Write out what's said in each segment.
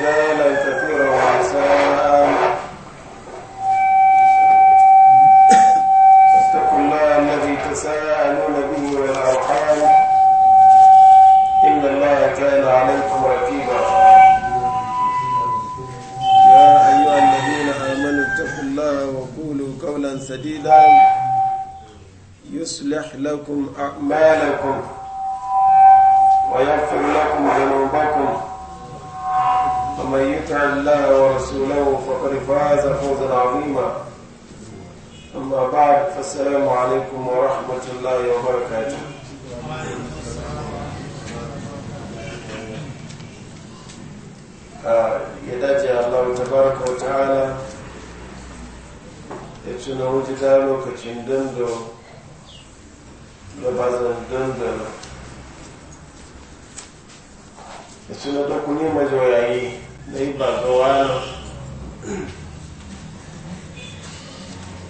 رجالا كثيرا ونساء اتقوا الله الذي تساءلون به والارحام ان الله كان عليكم رقيبا يا ايها الذين امنوا اتقوا الله وقولوا قولا سديدا يصلح لكم اعمالكم ويغفر لكم ذنوبكم ومن يطع الله ورسوله فقد فاز فوزا عظيما أما بعد فالسلام عليكم ورحمة الله وبركاته ya dace Allah tabaraka wa ta'ala ya tuna lokacin dando da bazan dandana ya tuna da kuni majoyayi dai ba ga wani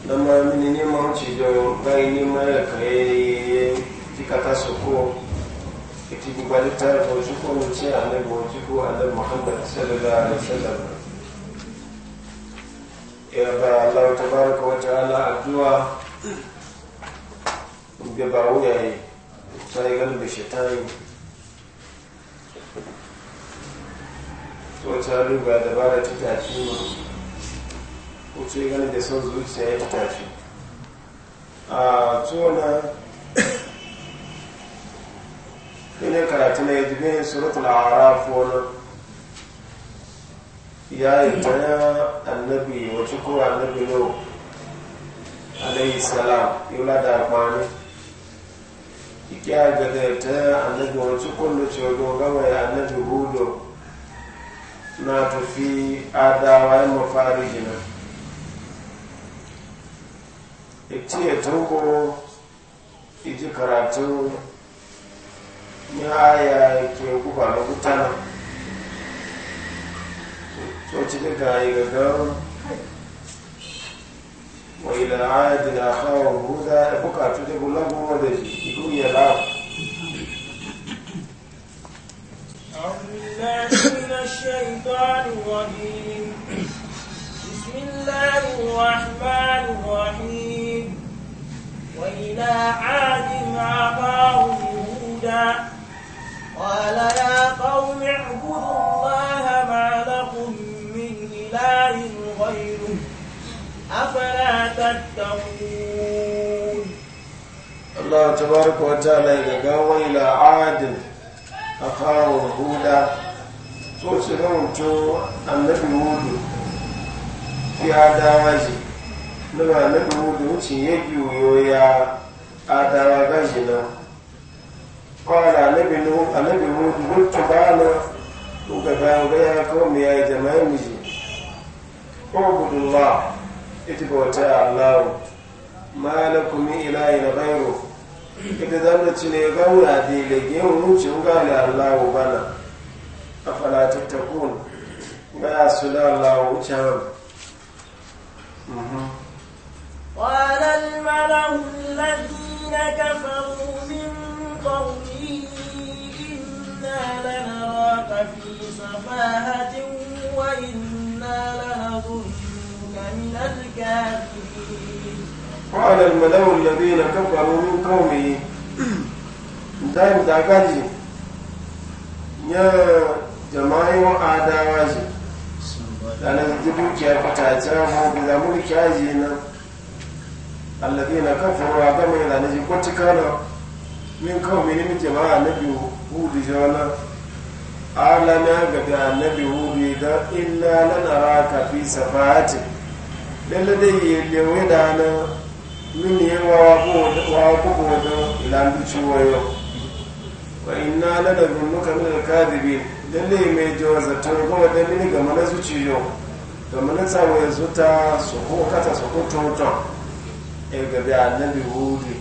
lọ́mọ mi ní mọ́ ti jọ báyìí ní mọ́lẹ̀kọ́ ẹyẹ tí kata sọ́kọ́ ètí gbogbo alẹ́ta ẹ̀fọ́ ojúkọ́ ní tí àlẹ́bọ̀ ojúkọ́ alẹ́ mohamed sẹ́lẹ̀lá àlẹ́sẹ́lẹ̀ ẹ̀bà aláwọ̀ tó bá rẹ̀kọ́ ọjà alá àdúrà ìgbẹ̀bà wúyà yìí sáré gánibẹ̀ ṣẹ̀tàn yìí wata ruga dabara ta tafi ma wato ya gani da son zuciya ya tafi a tona ina karatu na yadda bin suratul araf na ya yi ta annabi wacce ko annabi no alayhi salam yula da kwani ike a gadar ta annabi wacce kullu ce gama ya annabi hudu na tafi adawa yin mafari gina ikci ya tunko iji karatu ya aya ke guba na gutana to daga yi gaggawa wa ila da na kawo huda ya bukatu da gulagun wadda duniya la'a الشيطان الرجيم بسم الله الرحمن الرحيم وإلى عاد أباهم هودا قال يا قوم اعبدوا الله ما لكم من إله غيره أفلا تتقون الله تبارك وتعالى إذا قال وإلى عاد أخاهم هودا so su ga mutu annabi hudu fi adawa ji daga annabi hudu wuce ya biyo ya adawa gaji na kwana annabi hudu mutu ba na ga ga ya kawo mai ya yi jama'a miji ko gudunma ita bauta allahu ma na bayro ita zama cile da wuce تتقون tattaquun ngaa sulaallaa ucaman قال الملأ الذين كفروا من قومه إنا لنراك في سفاهة وإنا لنظنك من الكافرين قال الملأ الذين كفروا من قومه دائم داكاجي يا jama'i wa adawa ji ranar da dukiya fitace mu da mulki kyaji na allafi na kan faruwa gama yana na ji kwanci na min kawo mini min jama'a na biyu hudu jana alana ga da na biyu hudu da illa na nara ka fi safati lalle da yi lewe da na min yi wa kubo wajen ilan duci wayo wa inna lana gunnuka da alkadibi ne mai jiwa zato ya gama dalili game na zuciyo game na tsawo ya zuta su ko kata su ko toto e gabi annabi hudu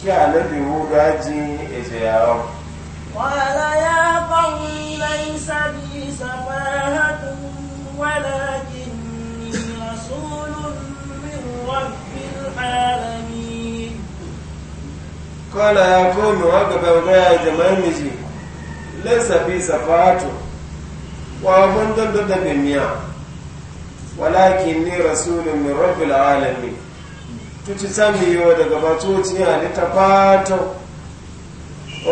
ki annabi hudu aji e je yawo qala ya qawmi laysa bi safahatun walakinni rasulun min rabbil alamin qala ya qawmi wa gaba ga jama'an miji laisa fi safatu wa ban dan da da miya walakin ni rasulun min rabbil alamin tuci sami yo daga batoci ya ni tafato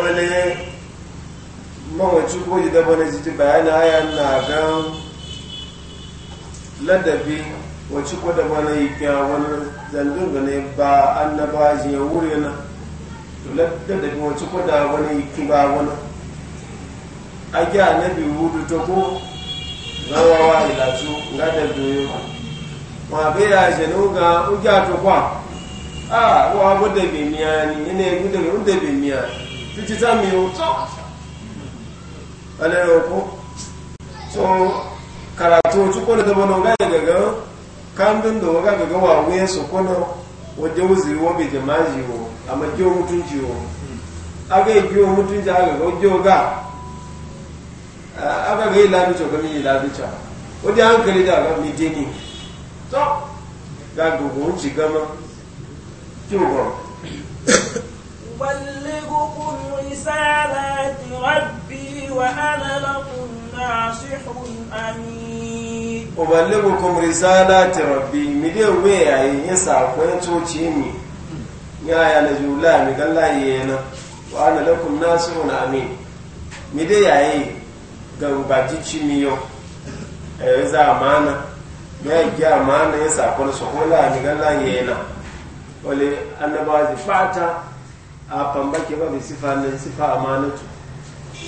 wale mawaci ko da bana jiti bayani aya na gan ladabi wace ko da bana yi kya wani zandun gane ba annabaji ya wuri na to ladabi wace ko da bana yi kiba wani ake anabi wudu to ko rawawa ilatu nga da doyo ma be ya je no ga uja to kwa ah wa bo de bi mi ani ene gude no de bi mi ani mi o ale o so karatu tu ko da bono ga ga ga kandun do ga ga wa we so ko no o je uziri wo be je maji o ama je o mutunji o aga e je o mutunji aga o je ga aba ga labi bicho ga mi labi bicho o hankali da ga mi deni to ga gugu ji gama kyugo uballighukum risalati rabbi wa ana lakum nasihun amin risalati rabbi mi de we yayi yin sakon coci mi yaya na jula mi gallaye na wa ana lakum nasihun amin mi de yayi gangbaji cimiyo ya eh, za amana ya yi amana ya sakon su kola ni galla yana wale annabawa ji fata a pambake ba bi sifa ne sifa amanatu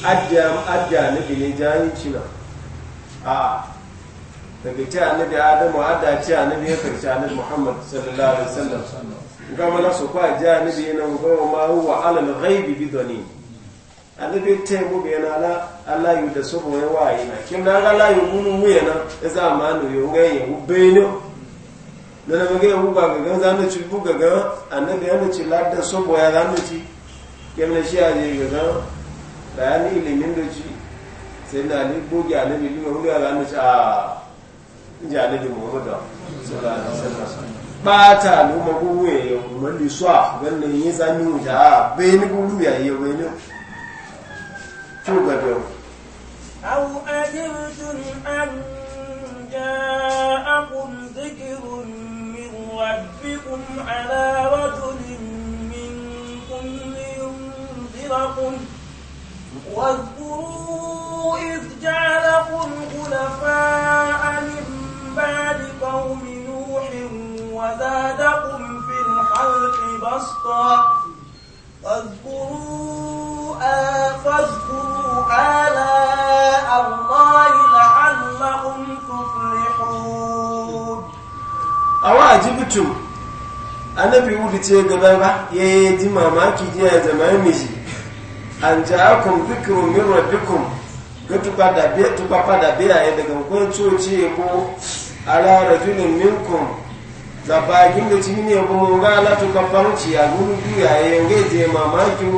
adda na bile jayi cina a ah, daga ce annabi adamu adda ce annabi ya karshe annabi muhammad sallallahu alaihi wasallam ga na su kwa ji annabi yana gama ma huwa alal ghaibi bidani annabi ta yi mu bayan ala Alayu yu da sobo ya waye na kin da Allah yu munu wuya na za ma no yo ga ya ubeno na na ga yu ga ga za na ci buga ga annabi ya ci da sobo ya za na ci kim na shi a je ga da ni min da ci sai na ni bugi annabi ni ga wuya za na ci a inji annabi Muhammad sallallahu alaihi wasallam ba ta lu maguwe ya mun liswa wannan yi zani ja be ni gudu ya we wani توبة بيو أو أجبتم أن جاءكم ذكر من ربكم على رجل منكم لينذركم واذكروا إذ جعلكم خلفاء antum annabi wuri ce gaba ba ya yi ji mamaki ji ya zama mishi an ja'akum dhikrun min rabbikum ga tuba da biya tuba fa da biya ya daga kun coci ko ala rajulin minkum da bagin da ci ne ko ga la to kafaru ci ya guru biya ya ga je mamaki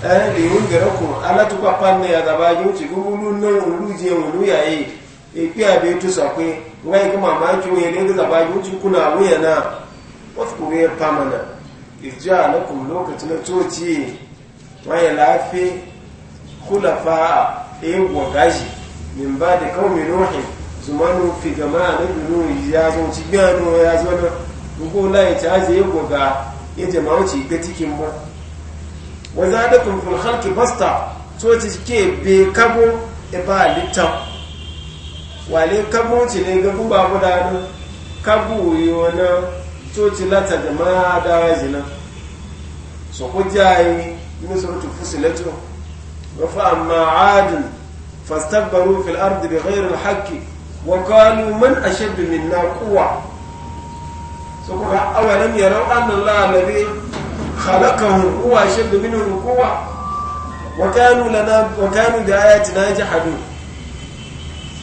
eh da yun gara ku ala to ne ya da bagin ci guru nan ulu je ulu yayi ikpiya da yato sakwe nga yi kuma ne gaza ba yi kuna wuya na wasu kuma ya famana irja alakum lokacin na coci waya lafi kulafa a ewa gaji. min ba da kawai nuhin zumanu fi gama na binu ya zo ci gano ya zo na gugu la ya ci aje e ga ya jama'a ci ga mu. ba wazadakum fil khalqi basta coci ke be kabo e ba littan wale kabu ci ne ga kuba ku da kabu yo na toti lata da ma da waje na so ko jayi ni so to fusilato wa fa amma adun fastabaru fil ard bi ghayri al haqq wa qalu man a minna quwa na kuwa su awalan yaraw annallahi alladhi khalaqahum lalabe ashad minhum quwa wa kanu lana wa kanu bi ayatina ji hadu.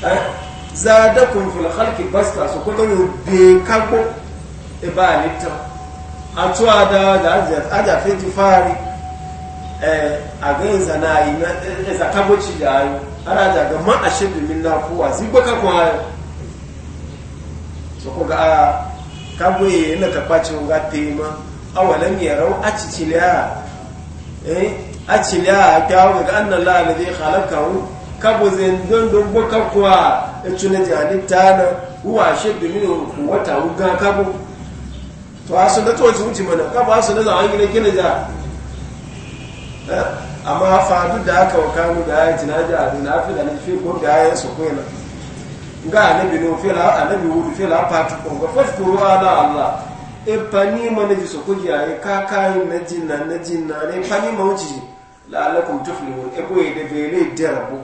Eh? zadakun fil halki basta su kuma yo be kanko e ba litta a tuwa da da aja fiti fari eh a ga zana ina e za kaboci da ayo ara da ga ma ashidu min na kuwa zi ba kanko ayo so ko a kabo e na ka pace ga tema awalan yarau a ciciliya eh a ciciliya a ga annallahu alladhi khalaqahu kabo zendon don boka kuwa e tuna ji halitta na uwa shi wata kabu to a da to wuce mana kabo a sun da zawon gina gina ja amma fadu da aka wa da ya ci na na fi da na fi ko da ya su kwela ga anabi no fi la anabi wudu ala allah e pani ji su kuji ayi e kakayin e na jinna na jinna ne pani mawuci la'allakum tuflihun e boye da bele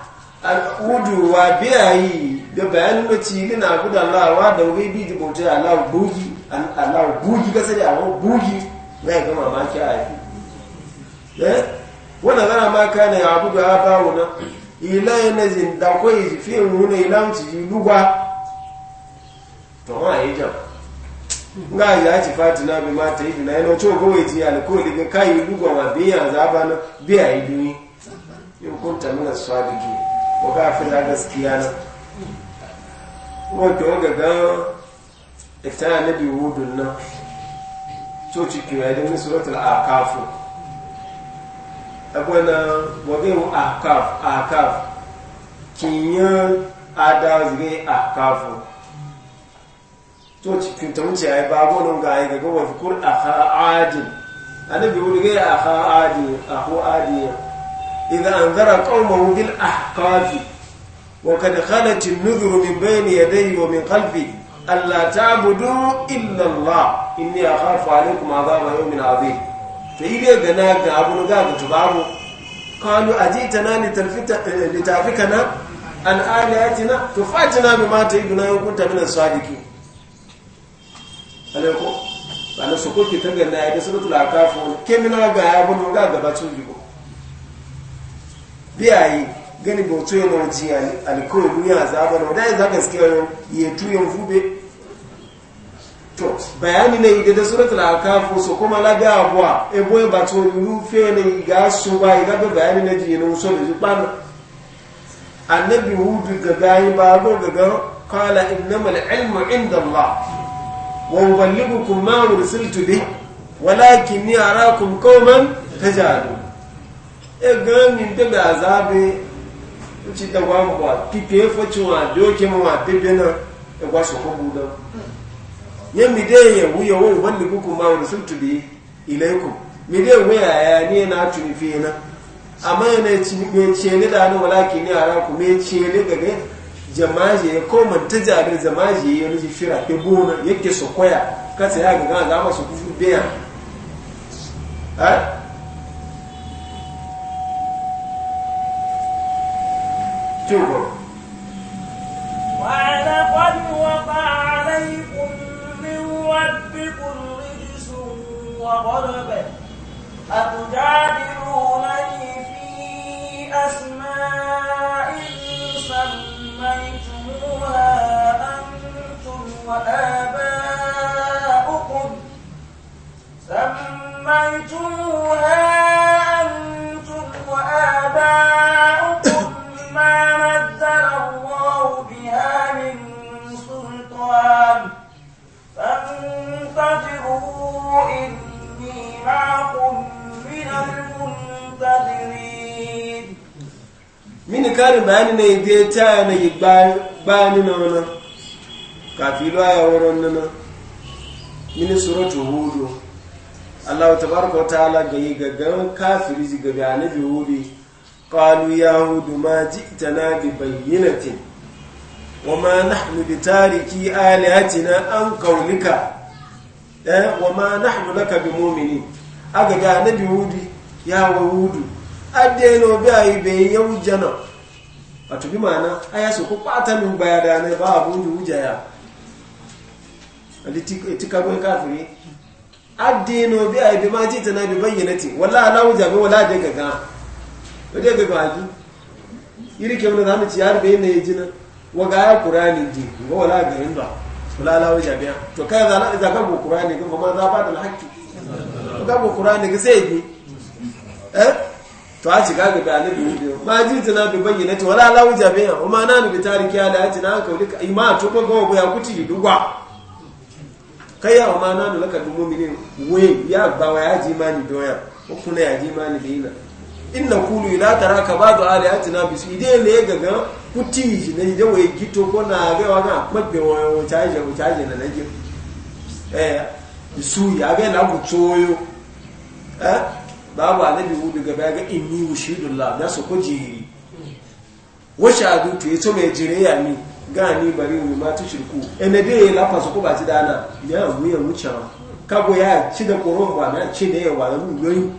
al'uduwa biyayi da bayanin da ci gina gudu Allah wa da wai bi da bauta Allah bugi Allah bugi kasa da Allah bugi na ga mamaki a yi eh zana ma kana ya abu da ba wannan ila yana jin da koyi fi wuna ila mu ci lugwa to ma yi jam nga ya ci fatina bi ma ta yi na yana to gowai ji alkoli ga kai lugwa ma biya za ba na biya yi duni in kunta mina wa gafila gaskiya na wato ga ga iftana nabi wudun nan coci kiwa da suratul akafu abwana wagin akaf akaf kinya ada zige to coci ta wuce ai ba nan ga ya ga wa fikur akha adin annabi wuri ga akha adin akhu adi. إذا أنذر قومه بالأحقاف وقد خلت النذر من بين يديه ومن خلفه ألا تعبدوا إلا الله إني أخاف عليكم عذاب يوم عظيم فإذا قناك أبو نقاك تبعبو قالوا أجيتنا لتعفكنا عن آلهتنا تفاتنا بما تعيدنا إن كنت من الصادقين alaikum ana su kuke tangana ya da suratul akafu kemina ga ya bunu ga gaba tun bigo biyayi gani bautu yana ji alkawai duniya azaba na wadanda za ka gaskiya yi ya tuyan fube to bayani na yi da suratul akafu so kuma la ga abwa e boye bato rufe yi ga su ba yi gaba bayani na ji ne wuso da zuban annabi hudu ga gayi ba abuwa ga ga qala innamal ilmu inda allah wa uballighukum ma ursiltu bi walakinni arakum qauman tajalun egan mi bebe azabe nci dagwa mwa pipe fochi wa doke mwa bebe na egwa soko buda nye mi de ye wuye wo wani kuku ma rusultu bi ilaiku mi de wuye ya ni na tuni fi na amma yana ci me ciele da ni wala ki ni ara ku me ciele daga jamaje ko man tija da jamaje ya ni fira ke bona yake sokoya ya ga ga ma su kufu biya ya? توبوا ولقد وقع عليكم من ربكم رجس وغضب أتجادلونني في أسماء سميتموها أنتم وآباؤكم mini karin bayani na ide ta na yi bayani na wana kafi lo aya wurin nana mini suratu hudu Allah tabaraka ta ta'ala ga yi gaggan kafiri ji gaga annabi hudu qalu ya hudu ma na bi bayyinatin wa ma nahnu bi tariki alihatina an qawlika eh, wa ma nahnu laka bi mu'minin aga ga bi hudu ya wa hudu adeno bi ayi be yau jana wato bi mana aya su ko kwata min baya da ne ba abu ni wujaya ali tika ko kafiri adeno bi ayi be ma ji tana bi bayyanati wallahi la wuja bi wala de gaga de gaga ji iri ke mun zamu ci yar be ne jina wa ga qur'ani ji go wala ga inda wala la wuja bi to kai za la za ka qur'ani ga ma za ba da hakki ga qur'ani ga sai ji eh to a ci gaba da annabi hudu ma ji tana bi bayyana ta wala la wuja bayan amma na ni tariki ya dace na ka kai ima to ko ga ya kuti dugwa kai ya kuma na laka du mini we ya gbawa ya ji ma ni doya ko kuna ya ji ma mani dina inna kulu ila taraka ba'du aliyatina bi ide le gaga kuti ji ne je we gito ko na ga wa ga mabbe wa chaje wa chaje na naje eh su ya ga na ku eh babu annabi mu daga baya ga inni wushidullah da su kujiri wa shahadu to yato mai jire ya ni ga ni bari mu ma tu shirku ene de la paso ko ba ti dana ya mu ya mu Ka kabo ya ci da koron ba na ci da yawa da mu yoyi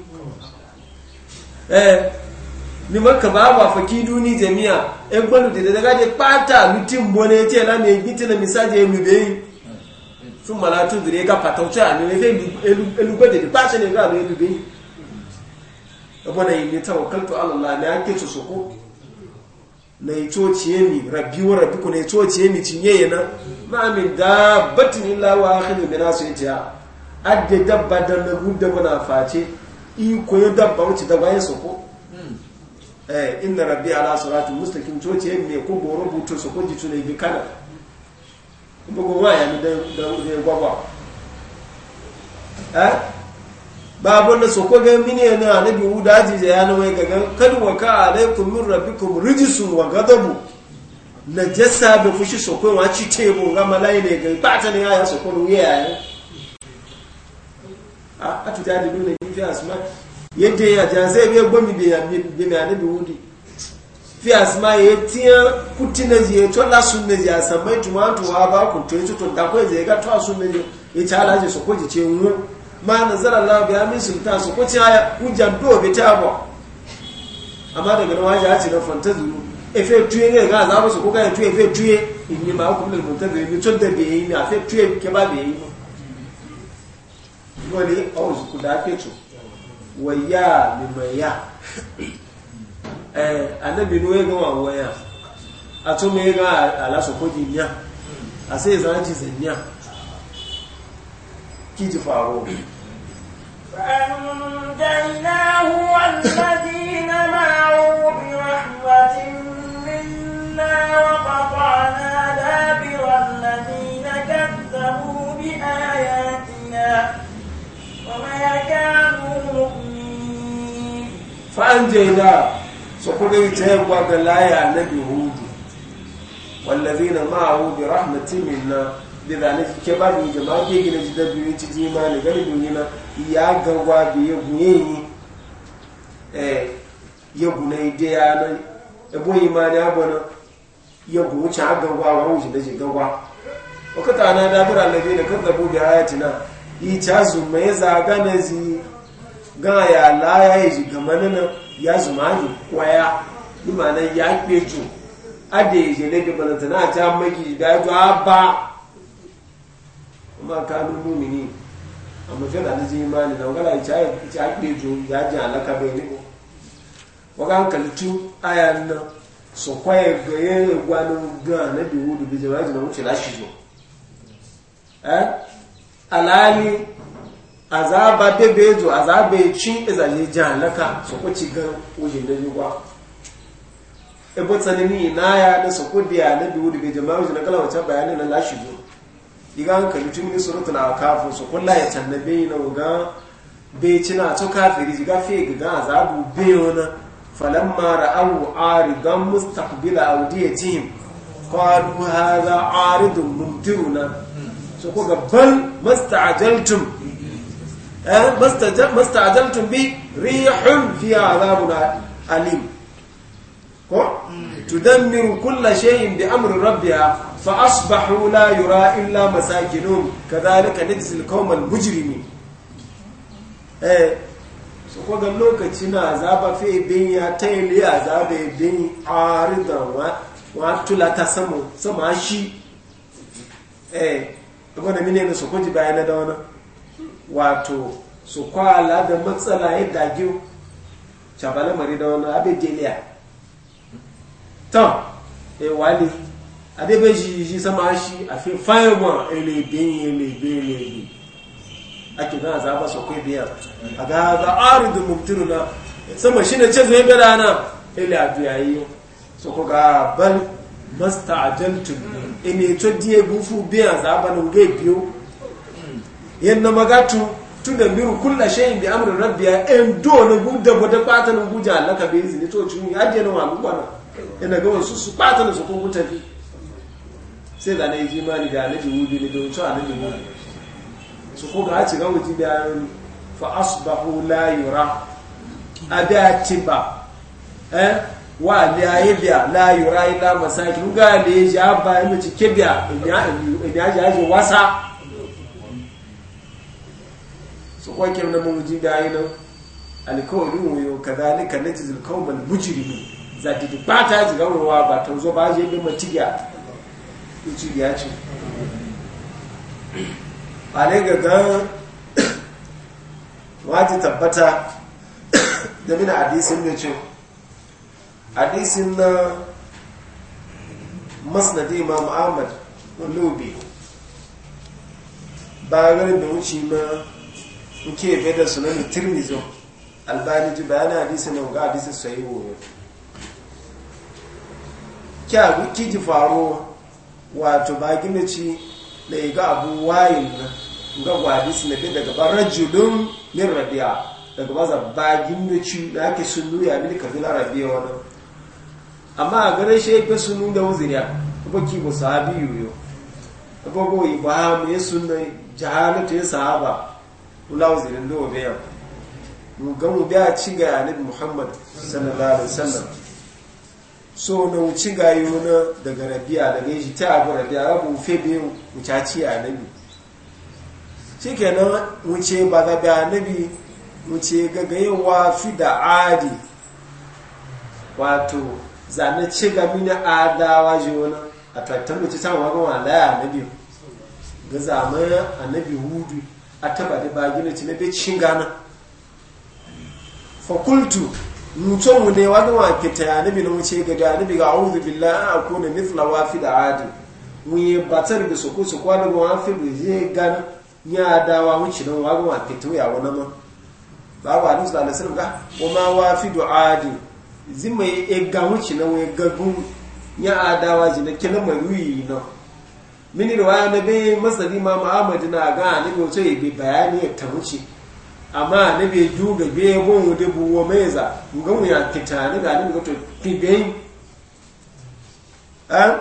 eh ni maka ba ba ki duni jami'a e gbonu de daga de pata lutin bone ti la ne biti na misaje mu be sun mala ka dire ga pataucha ne e fe elu elu e gode de pata ne ga elu be yabo d'a yi tawakkaltu ala Allah na yake su suku na yi tociye mi rabbi wa rabbi ku na yi tociye mi cinye yana ma min dabbatin illa wa akhidu bi nasu itiya adde dabba da na gudda bana face iko ya dabba wuce da bayan suku eh inna rabbi ala siratu mustaqim tociye mi ko boro buto suku jitu ne bi kana bugo waya ne da da gwagwa eh babon da soko ga mini yana annabi da ji ya na mai ga kan wa ka alaikum min rabbikum rijsun wa ghadabu jassa da fushi soko wa ci bo ga malai ne ga bata ne ya soko ruwa ya a atu da dubu ne fi asma yadda ya ja sai mi gomi bai bi mai annabi di fi asma ya tiya kutina ji ya tola sunne ji asamai tumatu wa ba ku to to da ko ya ga to sunne ji ya ta alaje soko ji ce mu ma nazara Allah biya min sultan su ko ciya hujja do be ta ba amma daga nan waje aci na fantazu efe tuye ne ga za su ko ga tuye efe tuye inni ma hukum lil muntabi ni to da be yi ne afe tuye ke ba be yi wani aus ku da ke to waya limaya eh annabi nuwe ga waya a to me ga ala su ko jinya a sai zanci zanya kiji faro فأنجيناه والذين معه برحمة منا وقطعنا دابر الذين كذبوا بآياتنا وما كانوا مؤمنين فأنجيناه سقولي تهب وقال لا يا نبي هود والذين معه برحمة منا da zane ke ba ni jama'a ke gina ji da biyu ci ji ma ne gani biyu na ya gangwa bi ya gunye yi eh ya guna ide ya na ebo yi ma ne abona ya gunye ci a gawa wa wuce da ji gawa wakata na da bura lafi da kan zabo bi ayati na yi ca zuma ya ga na zi ga ya la ya yi ji gama na ya zuma ni kwaya ni ma na ya kpejo ade je ne bi na a ta magi da ya to a ba ma kanu mumini amma fela da ji imani na ngala ita ita ya ji alaka be ni waga aya na so kwaye ga ye gwanu ga na bi wudu bi jama'a na wuce la shizo eh alali azaba bebe zo azaba cin izaje ji alaka so ko ci ga oje da ji kwa e tsanini na ya da so ko dia na bi wudu bi jama'a na kala bayanin na la shizo Diga ka tun ni surutu na kafu su kula ya tannabe bai na wuga bai cina to kafiri ji gafe gaga a zabu bai wani falamma ra'awu arigan mustaqbila awdiyatihim qalu hadha aridun mumtiruna so ko ga bal masta'ajaltum eh masta'ajaltum bi rihun fi azabun alim ko hmm. tudammiru kulla shay'in bi amri rabbiha fa asbahu la yura illa masakinun kadhalika najzil qawmal mujrimin eh so ko ga lokaci na azaba fe bin ya tayli azaba bin arida wa wa tulata samu sama shi eh ko da mine ne so ko ji bayana da wannan wato su kwala da matsala ya dage cabalin mari da wani abin deliya tom Eh wali adébẹ́jì sama sọ máa ṣí àfihàn fáyẹ̀wọ̀n èlè ìbéyìn èlè ìbéyìn èlè akẹgbẹ́ àzába sọ pé bíyà àgáàgá àrùdù mùtìrù náà sọmọ ṣí na cẹ́zọ ẹgbẹ́ dáná èlè àdúyà yìí sọ kọ́ ga bal masta ajaltu ẹni ètò díẹ̀ gúfú bíyà àzába ní ogé bíó yẹn na magatu tun da miru kulla shayin bi amrin rabbiya en do na gudda bada patan guja allaka bi izini to tun yaje na wa gwana ina eh, ga wasu su patan su ko mutafi sai na yi jimani da na jihudi ne don cewa na jihudi su ko ga a gawo ji da fa asbahu la yura ci ba eh wa la yibya la yura ila masakin ya le ja ba yi mace kibya biya in ya ji wasa su ko kin da mun ji da ni kalli mu kawo kadhalika najzil qawmal mujrimin zati ba ta ji gawo ba ta zo ba je bi mace ci ya ce a ne gan wata tabbata da mina hadisin da ce hadisin na masnadi imam ahmad olubi gani da wuce ma nke bai da sunan tirmizo albani ji bayanin hadisin na ga hadisin sayi wuyo kya ki ji faruwa wato ba gina ci da ga abu wayin na ga gwadi su nafi daga ba min rabia daga baza ba gina ci da ake sun nuya mini karfi na rabia wani amma a ganin shi ya nuna da wuzuriya ba ki ba sahabi yoyo ba go yi ba mu ya sunna jahalatu ya sahaba kula wuzurin da wa bayan mu ga mu biya ci ga annabi muhammad sallallahu alaihi wasallam so na wuce gayo na daga rabia daga yi ta abu rabia abu fe biyu ci a nabi shi nan wuce ba a nabi wuce wa fi da adi wato zane ce gami mini adawa ji wani a tattar wuce ta wani laya a nabi ga zaman a nabi hudu a taba da bagina ci na bai cin gana fakultu mutum mu ne wani wanke ta yanibi na wuce ga janibi ga auzu billahi a kuna mithla fi da adi mu yi batar da suku su kwanu ga wafi da zai gan ya dawa wuce nan wani wanke ta wuya wani ma ba wa nusu da nasarar ga kuma wafi da adi zima ya ega wuce nan wani gagun ya adawa, ji na kila mai wuyi na mini da wani bai masari ma ma'amadi na ga anibi wuce yi bi bayani ya ta wuce amma ne bai juga be bon wude za ga mu ya kitani ga ne to kibei eh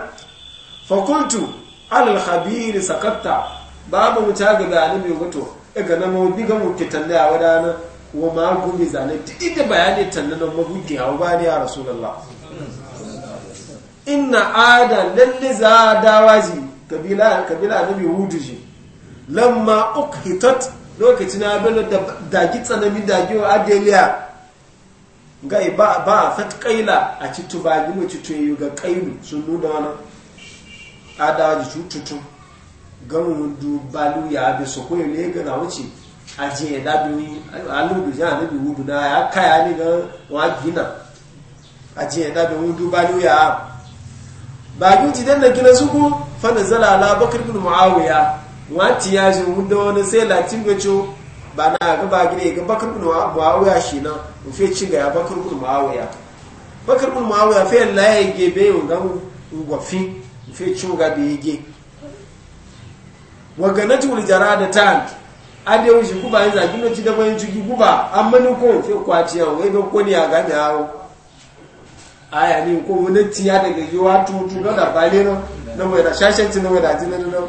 fa kuntu ala al khabir sakatta babu mutaga ga ne be to e ga na mu bi ga mu kitanne a wadana wa ma gumi zane da bayani tanna na mu gudi hawa ba ne ya rasulullah inna ada lalle za dawazi kabila kabila nabi wuduji lamma ukhitat lokaci na bello da dagi tsanami dagi wa adeliya gai ba a fat kaila a citu ba mai citu yi ga kailu sun nuna wani adaji cututu gamu du balu ya abin su ko ne ga na wuce a je da bi alu du ya na wudu na ya kaya ni ga wa gina a je da bi wudu balu ya ba gi ti dan na gina su ku fa nazala ala bakr ibn muawiya wati ya ji wunda wani sai latin gaco ba na ga ba gine ga bakar bin muawiya shi na ufe cin ga ya bakar kun muawiya bakar bin muawiya fe la ya ge be yun ga ngofi ufe cin ga ya ge waganatul jarada tan ade wuji kuba yin zagi na ci da ciki jugi kuba amma ni ko fe kwaci ya wai ba ko ni ya ga ni hawo aya ni ko mun tiya daga yiwa tutu ga da bale na, na mai da shashanci na mai da jinan no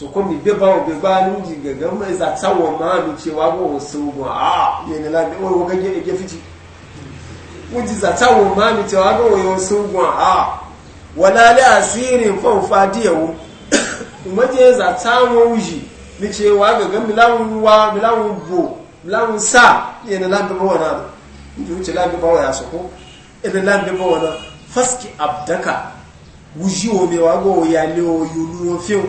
soko mi gbé báwọn gbé bá ní ìjì gẹ̀gẹ́ mọ́ ìsà táwọn máa ló ṣe wá bọ̀ wọ́n sọ ogun àá yẹn nílá ní wọ́n gẹ́gẹ́ ẹgẹ́ fìtì wọ́n ti sà táwọn máa ló ṣe wá bọ̀ wọ́n sọ ogun àá wọ́n lálẹ́ àṣírí nǹkan fa díẹ̀ e wo ìmọ̀jẹ́ ìsà táwọn mi ní ṣe wá gẹ̀gẹ́ mi láwọn wá mi láwọn bò mi láwọn sà yẹn nílá ní bọ́wọ́ náà níbi ó ti lábẹ́ bọ́wọ́ yà sọ́kó yẹn nílá ní bọ́wọ́ náà fásitì àbùdákà wùyí omi wá gbọ́ òyà lé oyún olúwo fíìmù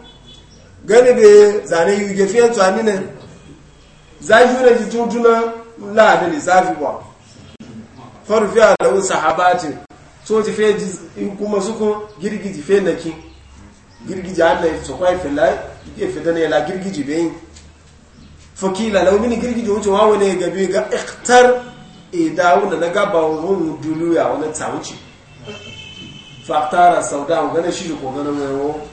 gani da zane yi ge fiye tuwa ne za yi yuna ji tuntuna la da lissafi ba faru fiye da wun sahabati so ti fiye kuma suku girgiji fiye na ki girgiji an na yi su kwaye fila ke fita ne la girgiji bayin fakila na mini girgiji wuce wawo ne biyu ga ikhtar ida e wuna na gaba wun duluya wani tsamuci faktara sau da wani shi ko mai wani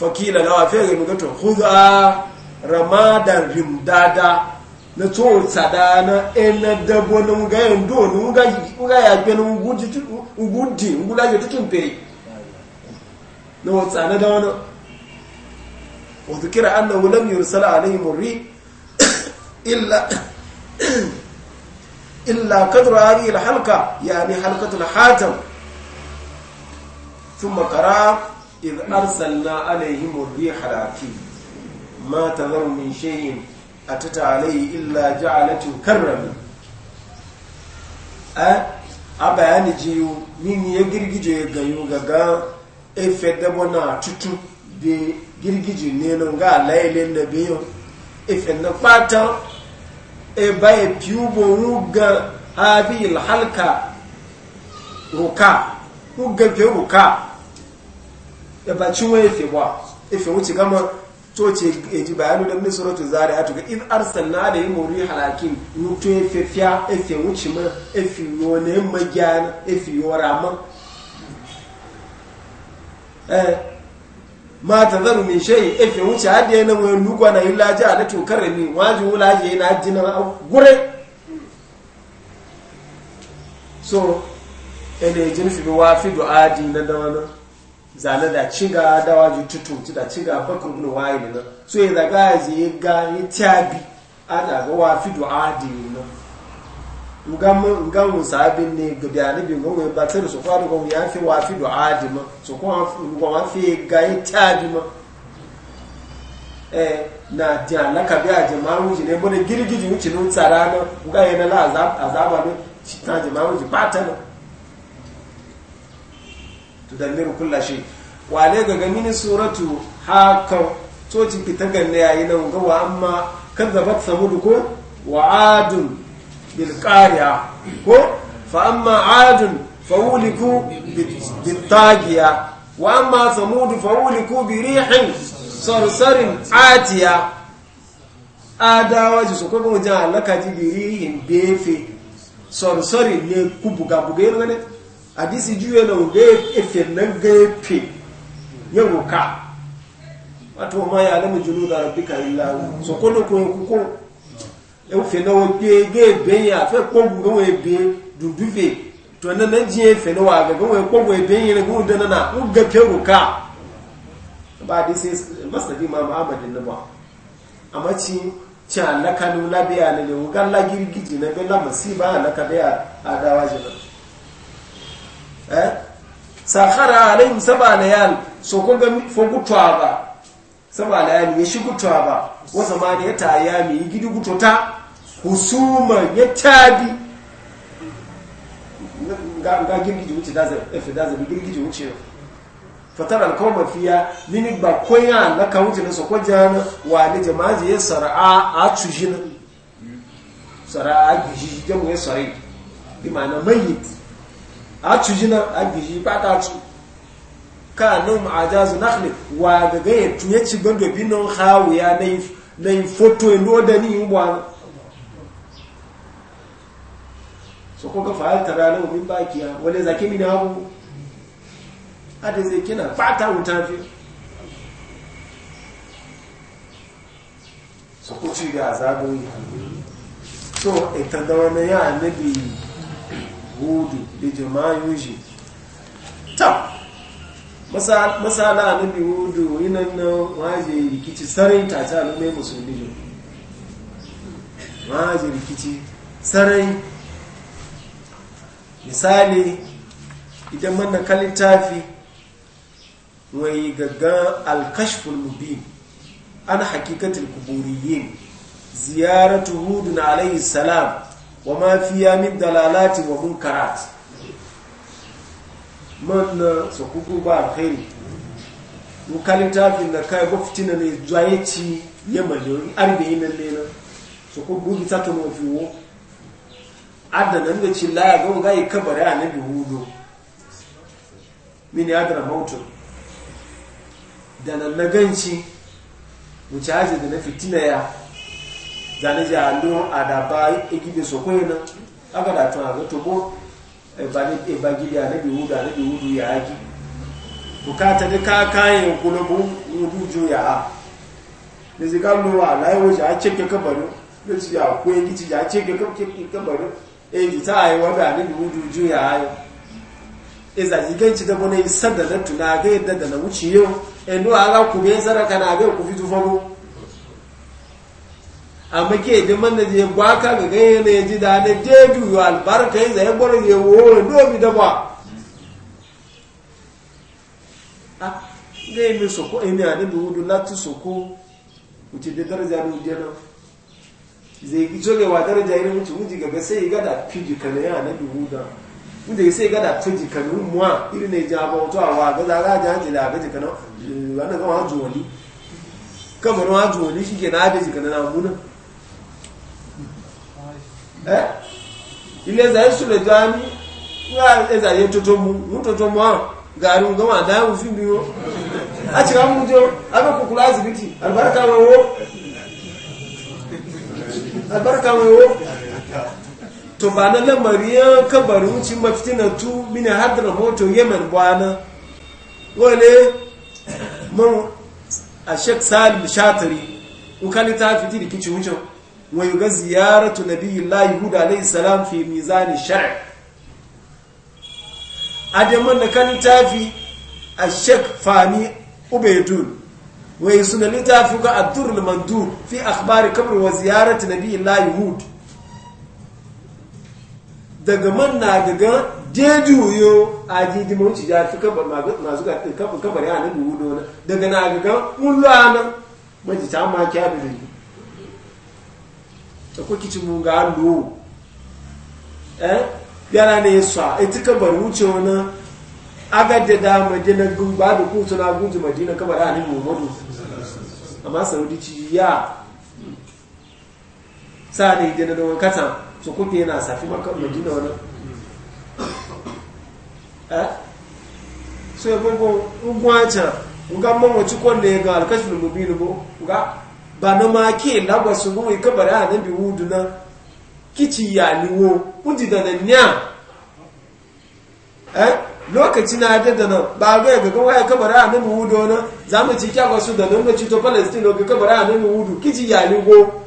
fakila lawa fere mu gato khudha ramadan rimdada na to tsada na ena dabo na mu ga yando na mu ga mu ga ya gbe na mu gudi mu gudi mu la yo tukin pere na wa tsada da wana wa dhikra annahu lam yursal alayhim ri illa إلا قدر هذه الحلقة يعني حلقة الحاتم ثم قرأ إذ أرسلنا عليهم الريح العقيم ما تذر من شيء أتت عليه إلا جعلته كرم أبا نجيو من يجرجي يجيو غغا إفدبنا تتو bi girgiji ne no ga lailin da biyu ifin na fatan e baya piubo ruga habi halka ruka ruga ruka ba cin waye fi ba ife wuce gama coci eji ji bayanu da min suratu a tuka in na da yi mori halakin mutu ya e fi fiya ife e wuce ma ife e yone na ife yiwo ma eh ma ta zaru min shayi ife wuce hadi yana mu lugwa na a ala to karami waji wulaji yana jina gure so ene jinfi bi wafi du'a dinan da wannan zane da cinga dawa ji tutu da cinga bakar gudu waye ne so ya zaga ya je ga ya tabi a daga wa fi du'a da yi nan ngan mun sabin ne ga da nabi ngon wai batar su kwa ngon ya fi wa fi du'a da ma so kuma wa fi ga ya tabi ma eh na ti alaka bi a jama'u ji ne bane girgiji wuce nun tsara na ga na la azaba ne shi ta jama'u ji patana tudammiru kulla shi wale ga ne suratu haka tocin fitagan ne yayi nan ga wa amma ta samu ko wa adun bilkariya ko fa amma adun fawuliku bitagiya wa amma samud fawuliku bi rihin sarsarin atiya adawa ji sokwe gun jan alaka ji bi rihin befe sarsarin ne kubuga buga ne hadisi juye na uga efe na ga ya wuka wato ma ya alamu junu da rabbi ka illa so ko ne ko ko e fe na oge ga ebe ya fe ko bu ga du dudu fe to na na ji efe na wa ga ga we ko ebe yin ga udana na uga ke wuka ba hadisi bi ma Muhammad na ba amma ci ci alaka no labiya ne wuga la girgiji na be la masiba alaka be adawa jina Eh? sakhara sab'a layal so kun ga ba sab'a layal ya shi gutwa ba wa zamani ya tayami gidi gutota husuma ya tabi ga ga ji wuce da e eh, fi da gidi girgiji wuce fatar alkoma fiya nini ba koya na ka wuce na sokwa jan wa ne jama'a ya sara'a a sar'a sara'a gijiji jamu ya sarai bi ma'ana mayyit atuji na a agiji pata tu ka num ajazu nakhli wa gaga ya tunye ci gando binon hawu ya na yi foto ndo da ni ubwa so ko ga fa'al tarana min bakiya wale zaki min a ade zai kina pata utafi so ko ci ga azabun so ita da wannan ya annabi hudu da jama'in shi ta masala bi hudu yinan na waje rikici sarai ta ta alumai musulmi waje rikici sarai misali idan manna tafi wai gaggan alkashful mubin an hakikatul kuburiyin ziyaratu hudun alayhi salam wa ma fiya min dalalati wa munkarat man na so kuku ba Mu kalita tafin da kai ko fitina ne zuwa ci ya da yin nan na so ko gugi ta to mafi wo adana da ci laya ga ga yi annabi hudu min ya dara mautu da nan na ganci mu caje da na fitina ya zane ji alo adaba egibe soko na aka da tun aga tobo ebagili anabi wudu anabi wudu ya agi bukata da ka kayan ogologo wudu jo ya ha da zai ga lowa laiwo ji a cike kabari da su ya kuwa gici ji a cike kabarin e ji ta ayi wabe anabi wudu jo ya ha e zaziganci da bane sadda da tuna ga yadda da na wuce yau e no aga ku be saraka na ga ku fitu famo a muke da man je gwaka ga ganye ne ji da ne je duyu albarka yin zai gwara je wo dobi da ba a gai mi soko ne da bi wudu lati soko wuce da daraja ne wuje nan zai ki joge wa daraja ne wuce wuce gaga sai ga da fiji kana ya na bi wuda wuce sai ga da fiji kana muwa iri ne ja ba wato a wa ga za ga ji da ga jikana eh, wannan ga wa wani kamar wa juwali shi ke na da jikana na munan Eh? ilé ẹ̀zàyé sùlẹ̀ tó a ní ẹ̀zàyé tótó mu mú tótó mu hàn gàrí ń gọ́wọ́n àdáyé òfin bí wọ́n a ti ká mú jọ abẹ́kùnkùn láti bìtì àlùbáríkà wọn wó àlùbáríkà wọn wó to ba na lamarin kabarin wuce mafitina tu mini hadar moto yemen bwana wale mun a sheik salim shatari ukali ta fiti da kici wucin wa yuga ziyaratu nabiyillahi huda alayhi salam fi mizani shar' adaman da kan tafi ashek fani ubaydun wa yusuna litafi ga ad-durr al-mandur fi akhbari qabr wa ziyarati nabiyillahi hud daga man na daga dejuyo a jiji mawuci ya fi kabar masu kabar ya nan gudu daga na gaga mun lana majita ma kya bi so ko kici mu ga lu eh yana ne sa ita kabar wuce wani agadda da madina gumba da kutu na gudu madina kabar hannun muhammadu amma saudi ci ya sa ne idan da wani katan so kuke yana safi maka madina wani eh so ya gbogbo ugwancin ga mamaci kwanda ya ga alkashin mubinu ga ba na ma ke lagwa su ruwa kabari a nabi wudu na kici ya liwo kundi da na nya eh lokaci na da da nan ba ga ga ga waya kabari a nabi wudu na za mu ci kyakwa su da nan na cito palestin ga kabari a nabi wudu kici ya liwo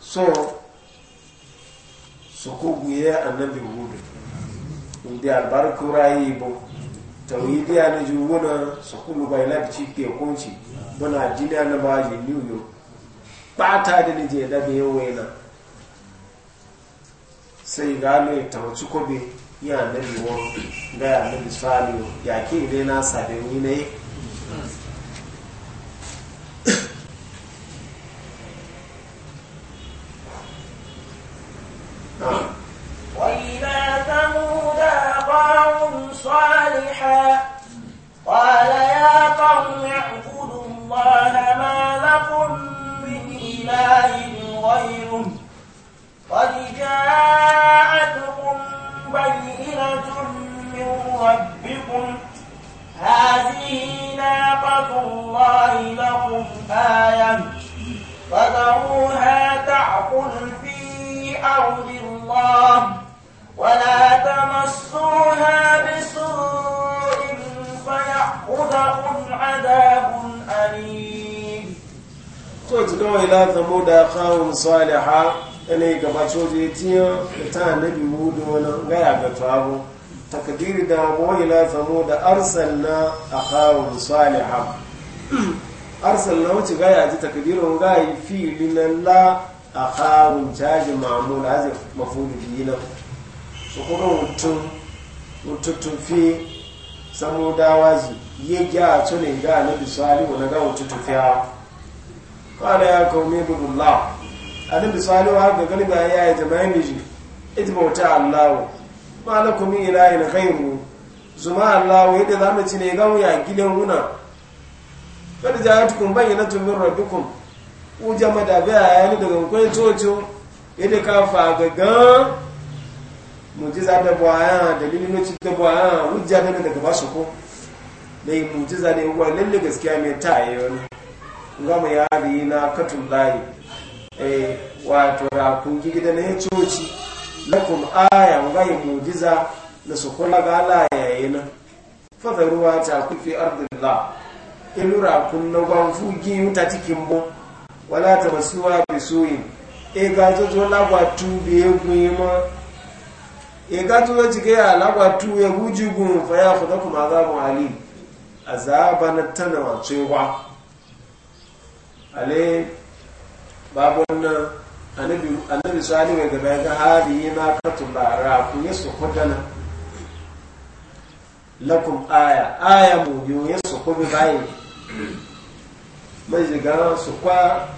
so so ko guye annabi wudu inda albarkura yi bo tawhidi ya na juwuna su kulu bai na ci ke kunci muna jiniya na baji liyo bata da ni je da be wena sai gano ya tawaci kobe ya nabi wani ga ya nabi ya ke ne na sabe ni خير قد جاءتكم بينة من ربكم هذه ناقة الله لكم آية فذروها تعقل في أرض الله ولا تمسوها بسوء فيأخذكم عذاب أليم to ci kawai la zamo da kawun saliha yi gaba coje tiyan da ta annabi mudu wani gaya ga tawo takadiri da wani la zamo da na a kawun arsan na wuce gaya ji takadirin gaya fili na la a kawun caji mamu da aji mafudu biyu na su kuma mutum fi samu dawaji yi gya a tunin ga annabi salihu na ga mututufiya kala ya kaumi budullah annabi salihu har ga galiba ya yi jama'i miji itbauta allahu ma lakum ilahin ghayru zuma allahu yadda zamu ci ne ga wuya gidan wuna kada ja'atukum bayyinatun min rabbikum ujama da ba ya ni daga kwai cocho yadda ka fa gaga mujiza da bwaya dalilin nuci da bwaya hujja da daga basu ko dai mujiza ne wa lalle gaskiya mai ta ayyana gama eh, ya yi na katun layi wato rakun gida na coci lakum aya ngai mujiza na su kula ga yayi nan fata ruwa ta kufi ardillah ilu rakun na gwanfu giyu ta cikin bu wala ta wasuwa bi suyin e ga jojo lagwa bai bi egun yi ma e ga jojo jike ya lagwa ya guji gun fa ya kuma azabun alim azaba na tana wa ale babu wannan annabi sani mai gaba ga hari na katun ba rafu yi su kudana lakum aya aya mu yi ya su kubi bayi mai su kwa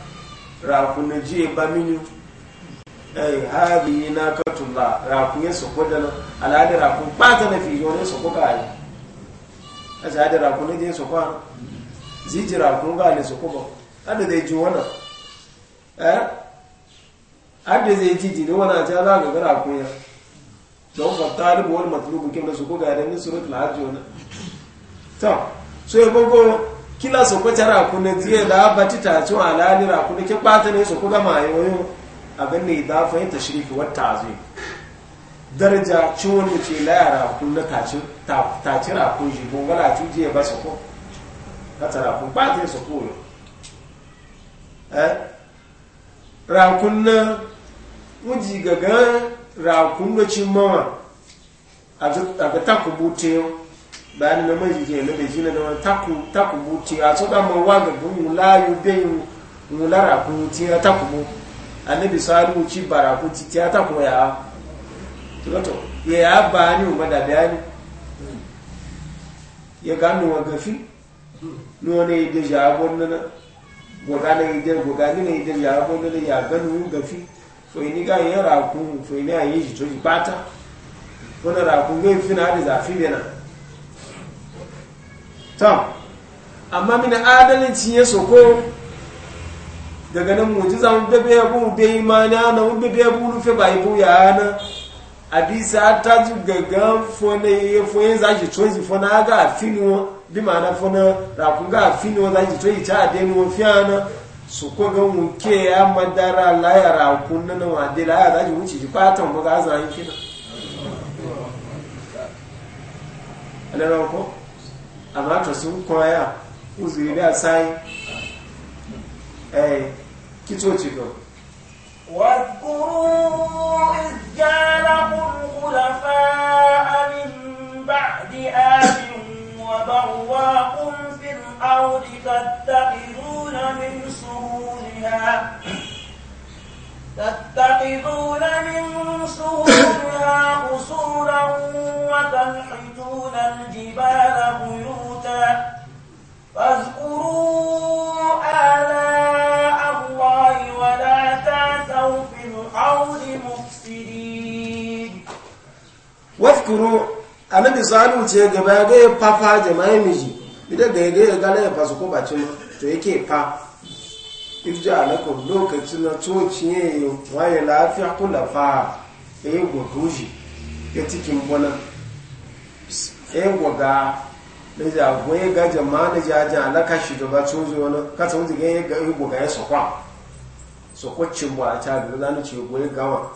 na ji ba minu ai hari na katun ba rakun ya su kudana alhadi rakun ba ta na fiye wani su kuka yi a ne su kwa zijira kun su kuka ada zai ji wannan eh ada zai ji ji wannan ta za ga gara ko ya don fa talibu wal matlubu kin da su ko ga da ni suratul hajj wannan to so ya gogo kila so ko tara ku ne tiye da bati ta ci ala ni ra ku ne ke pata ne so ko ga ma yoyo abin ne da fa tashrif wa ta'zim daraja ci wani ce la yara ku na taci ta ci ra ku ji gongala ci je ba so ko ta tara ku ba ta so ko Eh? rakun na wuji gaga rakun da cin mawa a ga takubute bayan na mai jike na beji na da wani takubute a tsoda mawa ga mula yi bayin mula rakun ti ya takubu annabi sa'adu wuci ba rakun ti ya takubu ya wato ya ya ba ni umar da bayani ya gano wa gafi nuna ya deja abon nana gogana idan gogani ne idan ya rabo ne ya ganu gafi so so yi shi to bata wani rakun gai fina da zafi bena tam amma mina adalci ya soko daga nan mujiza mun bebe ya yi be imani ana ba ibu ya ana ta ju gaga fone ya fone za ga bí màá fọ́nà ràkúngà àfihàn láti tó ìta àdéhùn wọn fíà náà sùkọ́ gan ya madara láyà ràkún náà wọn àdé láyà láti wọn ti di pátá wọn bá zàn yín fínà. ẹlẹ́rọ ọkọ́ ko àtọ̀sí ń kọ́ ẹ́yà ya sì rí bí àṣáyé ẹ̀ kí tó ti gan. واذكروا إذ جعلكم خلفاء من بعد وبواكم في الأرض تتخذون من سهولها تتخذون من سهولها قصورا وتنحتون الجبال بيوتا فاذكروا آلاء الله ولا تعثوا في الأرض مفسدين واذكروا anabi sanu ce gaba ga ya fafa jama'i miji idan ga ya ga ya fasu ko bacin to yake fa irja alakum lokacin na coci ne waye lafiya kula fa ya gogoji ya cikin bona ya goga na jagon ya ga jama'a na jajen alaka shugaba cozo wani kasa wuce ga ya gwaga ya sokwa sokwacin ba a cagaba zanuci ya goye gawa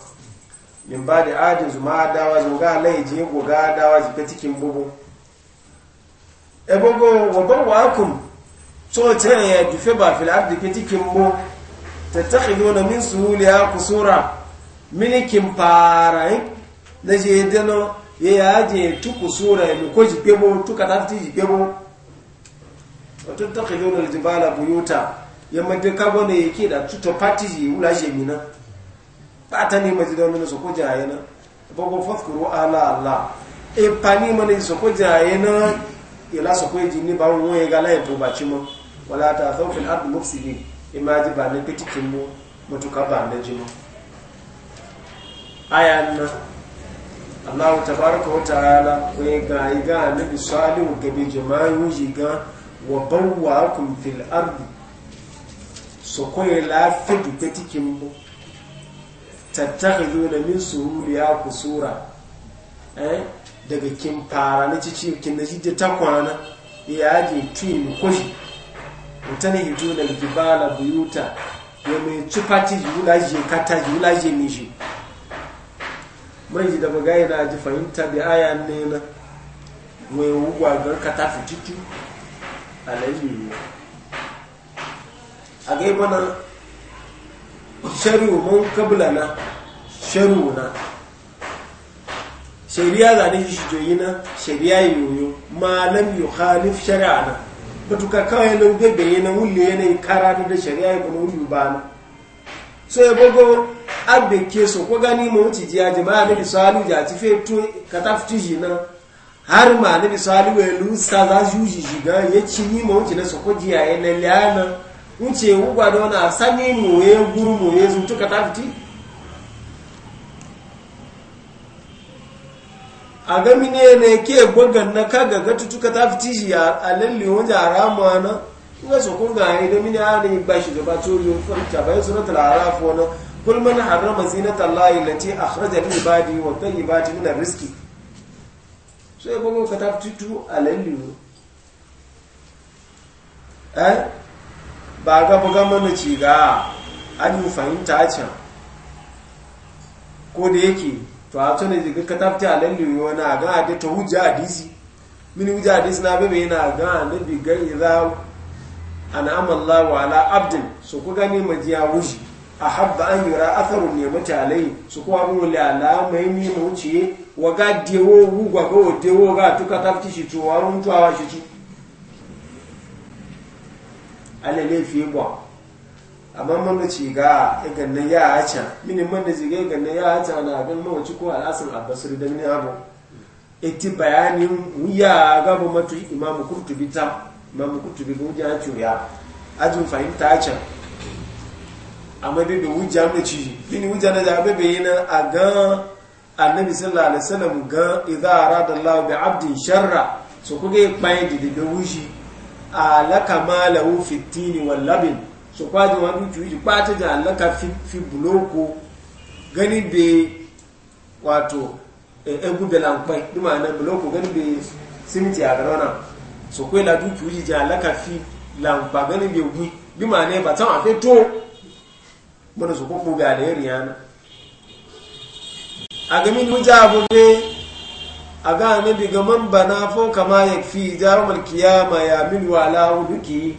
min ba da ajin zuma dawa zunga lai je goga dawa jika cikin bubu ebogo wabon akun so ce ya dufe ba filar da ke cikin bu ta taƙido na min suhuliya kusura minikin yi eh? na je dano ya yi ajin tu kusura ya ko jike bu tu katafti jike bu wato taƙido na jibala buyuta ya madaka ya ke da tuta fati wula shemina bata ni maji don so ko jaye na bogo fadhkuru ala ala e pani man so ko na ila so ko ba won e gala to ba chimo wala ta thaw fil ard mufsidin imaji ba ne petitin mu mutuka ba ne jimo ayan Allah tabaraka wa ta'ala ko e ga e ga nabi salihu gabe jama'u jiga wa bawwa'akum tattakhidhu min suhuliha kusura eh daga kin fara na cici kin na jidda ta kwana ya je tin kushi mutane da jibala buyuta ya mai tsufati jula je kata jula je mishi mai da bagai na ji fahimta bi aya ne na mai wugwa ga kata fititu alayhi a ga sharu mun kabla na sharu na shari'a za shi joyi na shari'a yi yoyo malam yu khalif shari'a na ka kawai nan bebe yi na wule yanayi kara da shari'a yi kuma wule ba na so ya gogo abin ke so ko gani ma wuce ji aji ma nabi salu ja ti fe to kata ji na har ma nabi salu we lu sa za su ji ji ga ci ni ma wuce na so ko ji ya na wuce wugwa dona wani a sani moye guru moye zutuka ta fiti a gami ne ke gwagan na kaga ga tutuka ta ya shi a lalle ana a ramuwa na ina so kun ga idan mini a ne ba shi gaba to yi farka bayan suratul araf wani kul man harama zinata allahi lati akhraja lil ibadi wa tayyibati min ar-rizqi so ya gwagan ka ta tu a lalle eh ba ga buga mana ci ga an yi fahimta can ko da yake to a tuna daga katafta a lalliyo wani a da ta hujja disi mini hujja disi na bebe yana ga na biga ira an amalla wa ala abdin su ku gani majiya wuji a habba an ra'a tsaro ne mutane su kuwa rule yi ne wuce wa ga dewo wugwa ga dewo ga tuka tafti shi tuwa runtuwa shi tuwa ala laifi ba amma mun da ci ga idan nan ya haca mini mun da ci ga ya ganna ya haca na abin mun ci ko al'asin abbasir da ni abu iti bayanin ya ga gaba matu imamu kurtubi ta imamu kurtubi ga wujan ya ajin fahimta haca amma bai bai wujan da ci mini wuja na da zaɓe bai a ga annabi sallallahu alaihi wasallam ga idza arada allah bi abdin sharra so kuge ya kpayin da wuji alaka malahu fi tini wal labin so kwaji wa dutu yi kwata da alaka fi fi buloko gani be wato e, egu be lankwai duma na buloko gani be simiti a garona so kwai la dutu yi ja alaka fi lankwa gani be gwi duma ne ba tan afi to mana so ko bu ga da yana agamin mujabu ne. a ga annabi ga man bana fo kama ya fi jarumar kiyama ya min wala duki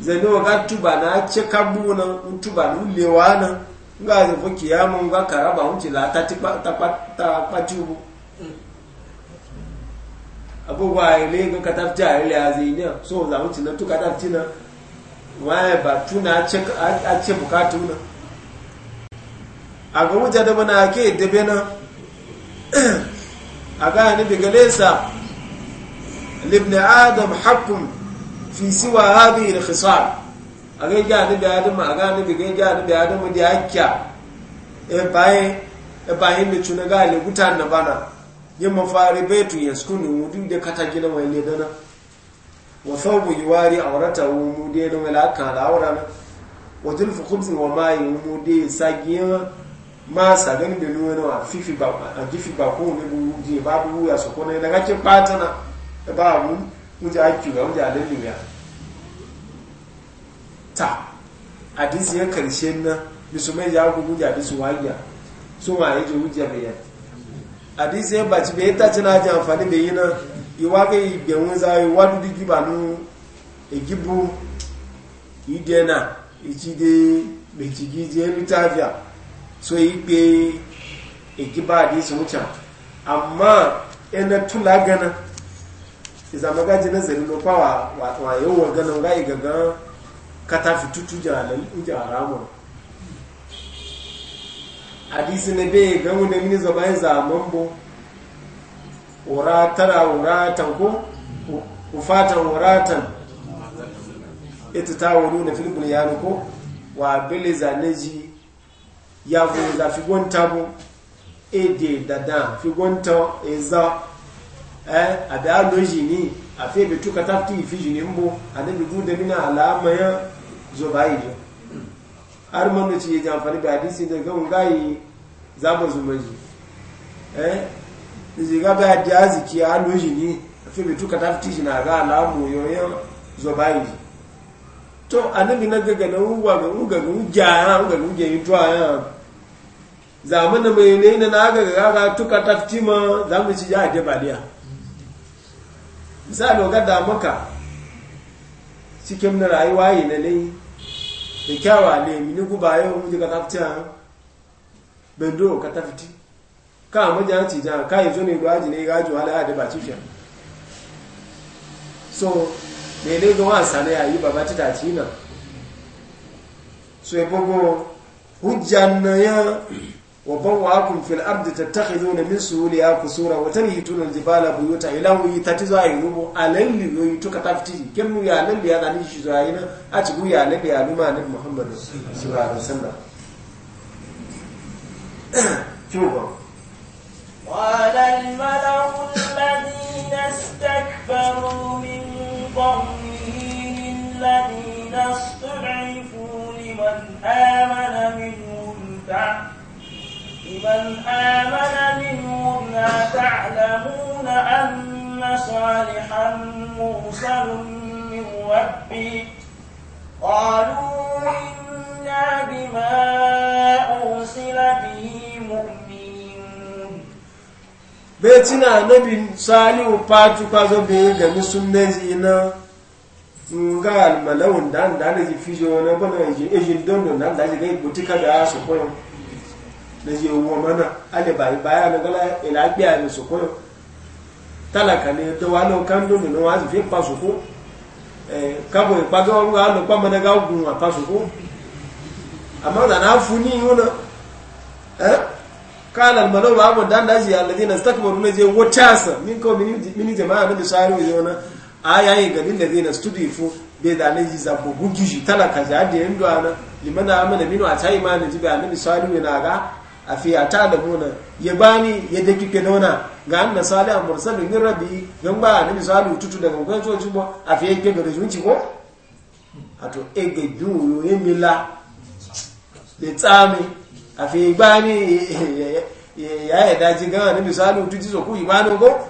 zane wa ga tuba na ce kabu na tuba na ulewa zai kiyama karaba wuce la ta ta kwatubu abubuwa ile ga zai ne so za wuce na a gane daga nesa libni adam hakkun fi siwa hadhihi al-khisal a ga ga ni da adam a ga ni ga ga ni da adam da hakka e baye e baye ne tuna ga le gutan na bana yin mafari betu yaskunu mudu da kata gina mai le dana wa thawbu yuwari awratahu mudu da mai la ka awrana wa zulfu khubz wa ma'i mudu sagiya masa gani da nuna wa fifi ba a gifi ba ko ne bu je ba bu ya so ko ne daga ce patana e ba mu mu ja ki ga mu ja lalle ya ta hadisi ya karshe na musulmai ya ku guja da su so su ma yaje wuja be ya hadisi ya baci be ta na ji amfani da yi na iwa ga ibe wun za yi wadu di giba nu egibu idena ichide bechigi je lutavia so yi be igi ba su wuce amma ina tula gana iza gaji na zari lopa wa wa gana ga yi gaga kata fitutu jalan uja hadisi ne be ga wanda mini zaba yi zaman bo wura tara wura tanko ufatan tan ita ta wuru na filibin yaro ko wa bele ji yavuza figontabo ede dada figonto eza eh ada alojini afi betuka tafti ifijini mbo ade bigude mina alama ya zobaijo armanu ci ya amfani da hadisi da ga ngai zaba zumaji eh ziga ba da aziki alojini afi betuka tafti jina ga alamu yoyo zobaijo to anabi na gaga na uwa ga uga ga uja uga ga uja yitwa ya zamu na mai ne na ga ga ga tuka taftima zamu ci ya de baliya misali ga da maka cikin na rayuwa yi na ne da kyawa ne mini guba yau mu ga taftiya bendo ka tafti ka mu ja ci ja ka yi zo ne gwaji ne gaji wala ya de ba ci so ne ne ga wasa ne ayi baba ti ta ci na so e bogo hujjan na ya وبواكم في الأرض تتخذون من سهولها قصورا وتنهتون الجبال بيوتا إلهي تتزا ينوبو علل يوتك تفتي كم يا لن يا ذلك شزاينا اتقوا يا لن يا لما نبي محمد صلى الله عليه وسلم شوفوا قال الملأ الذين استكبروا من قومه للذين استضعفوا لمن آمن منهم تحت لمن آمن منهم لا تعلمون أن صالحا مرسل من ربي قالوا إنا بما أرسل به مؤمنون بيتنا نبي صالح باتو كازو بيه غني سنة nga almalawun da an da ana ji fijo na bana ejin dondo na an da ji gai butika da su koyon na je wo mana ale bai baya na gala ila gbe a so ko talaka ne to wa no kan do no wa fi pa so ko eh ka wani pa go wa no pa mana ga gun wa pa so ko amma da na funi yuna eh kana al malaw abu dan da shi alladina istakbaru ne je wotasa min ko min jama'a da shari wa yona ayaye ga lillazina studifu bai da ne za bu gugi talaka ja da yando ana limana amana minu a tayi ma ne ji ba annabi salihu na ga a fi da muna ya bani ya da kike nuna ga annan sali a mursalu min rabi gan ba a nabi sali tutu daga kwan coci ba a fi yake ga rajunci ko a to e ga biyu yoyi e mila da e tsami a fi bani ya yi daji gan a nabi sali tutu so ku yi bani ko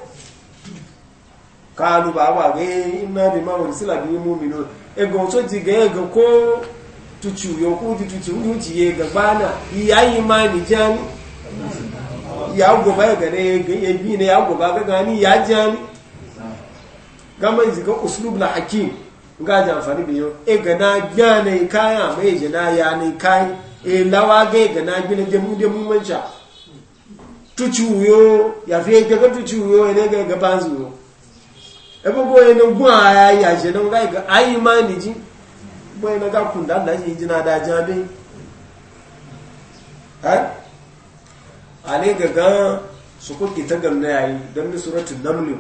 kalu ba wa ga ina bi ma sila bi mu'minu e Ego so ji ga e ga ko tutu yokuti tutu nduti yega bana yayi mani jan ya goba ga ne ya bi ne ya goba ga gani ya jani gama zika uslub la hakim ga da amfani biyo e ga na gane kaya mai jana ya ne kai e lawa ga ga na gina da mu da mu manca tutu yo ya fi ga ga tutu yo ne ga ga banzu e bugo ne gwa ya ya jana ga ga ayi mani jin bai na ga kun da Allah shi jina da jabe eh ale ga gan su kuke ta gamna yayi don ni suratul naml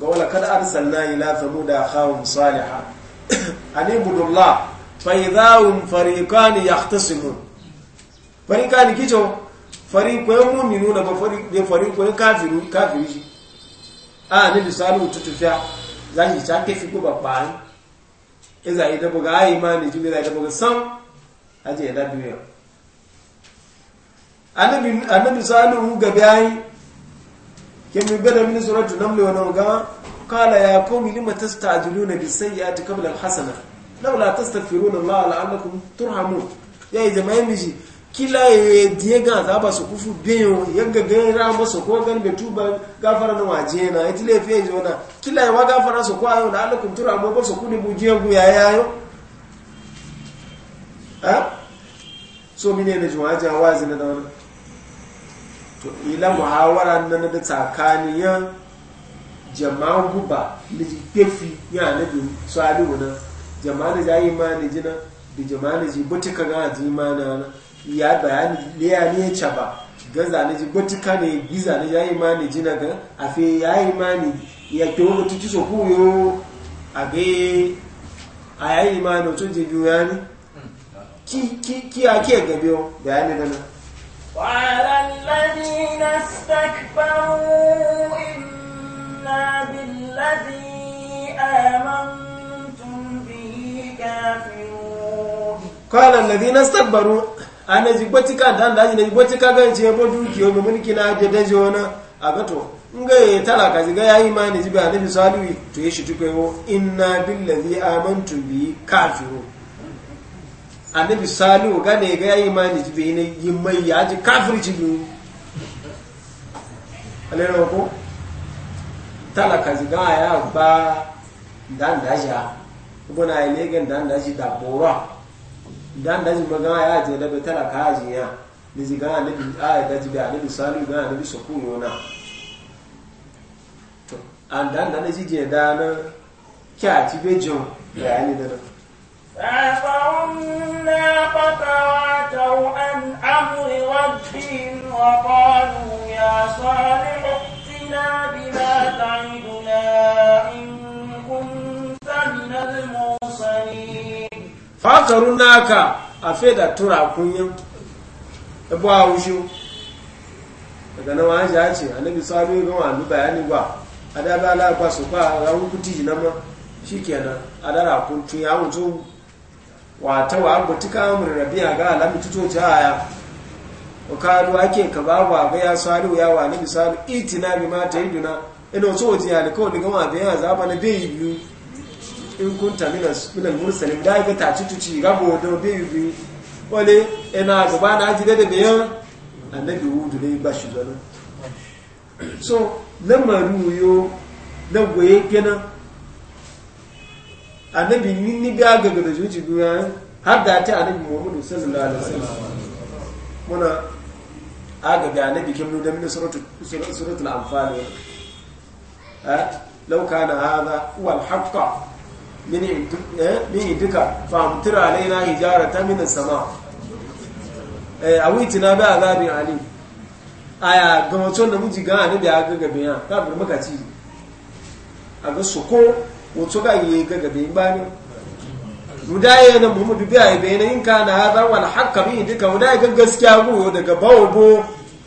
ga wala kad arsalna ila thamuda khawm salihah ani budullah fa idahum fariqan yahtasimun fariqan kicho fariqan mu'minuna ba fariqan fariqan kafiru kafiru shi a ah, ni bisalu tutufiya zai ta kefi ko babban iza ita buga a imani ji iza ita buga sam aje ya dabi yau annabi annabi salihu ga bayi kemi bada min suratu naml wa nawga qala ya qawmi lima tastajiluna bis sayyiati qabla al hasana laula tastaghfiruna allaha la'allakum turhamun ya jama'in miji kila ye die ga za ba su kufu biyu yanga ga ra ba su ko gan be tuba gafara na waje na itile fe jona kila ye wa gafara su kwa yo na alakum tura mo ba su kuni buje gu ya yayo ha so mine ne jwa ja wazi na dawana to ila muhawara nan da tsakani ya jama'an guba da kefi ya nabi salihu na jama'a da jayi ma ne jina da jama'a da ji butuka ga ji ma na ya bayani ya ne ce ba ga zane ji gotika ne giza ne ya yi ji jina ga afe ya yi ne ya ke wani tutu so kuyo a ga a ya yi mani otu je biyu ya ni ki ya ke gabe o bayani dana na. الذين استكبروا إنا ana jigbati ka dan da ne jigbati ka ga je bo duki o mun kina je da jona aga to nga ye talaka ziga ya imani ziga annabi salihu to yeshi tukwewo inna billazi amantu bi kafiru annabi salihu ga ne ga ya imani ziga ne yimai ya ji kafiri ji biyu alero ko talaka ziga ya ba dan da ja ibuna ile ga dan ji da bora dan da jima ga ya je da betara ka ji ya ni ji ga ne a da ji ga ne salu ga ne so ku yona to an dan da ji je da na kya ci be jo ya ni da فأقمنا فتواتوا عن أمر ربهم وقالوا يا صالح ائتنا بما akaru naka a fe da tura kunyin ibu a wushe daga nan wani ja ce nabi sami a nuba ya nigba a da ba lagba su ba a rawun kuti na ma shi kenan a da kun tun ya mutu wata wa abu tuka amur rabi a ga alami tuto ta haya o adu ake ka ba wa ga ya salu ya wa annabi sami itina bi ma ta yi duna ina so wajen ya alikawar daga wani bayan zaba na bai yi biyu in kunta minan mursalin da ga ta tuci ga da biyu biyu wani ina gaba na ajiye da biyan annabi hudu ne ba shi zana so lamarin yiwu na goye kenan annabi ni biya gaga da zuci biya har da ta annabi muhammadu sallallahu alaihi wasallam muna agaga annabi kin da min suratul suratul anfal eh, law kana hadha huwa al-haqqa Eh, min duka famtura alaina ta min sama eh, a witi na bai azabin ali aya ga gamacin da muji gana da ga gabe ya ta bar maka ci a ga su ko wato ga yi ga ba ne mudaye na muhammadu biya yi bai yin ka na haɗar wani haka bi duka mudaye ga gaskiya go daga bawo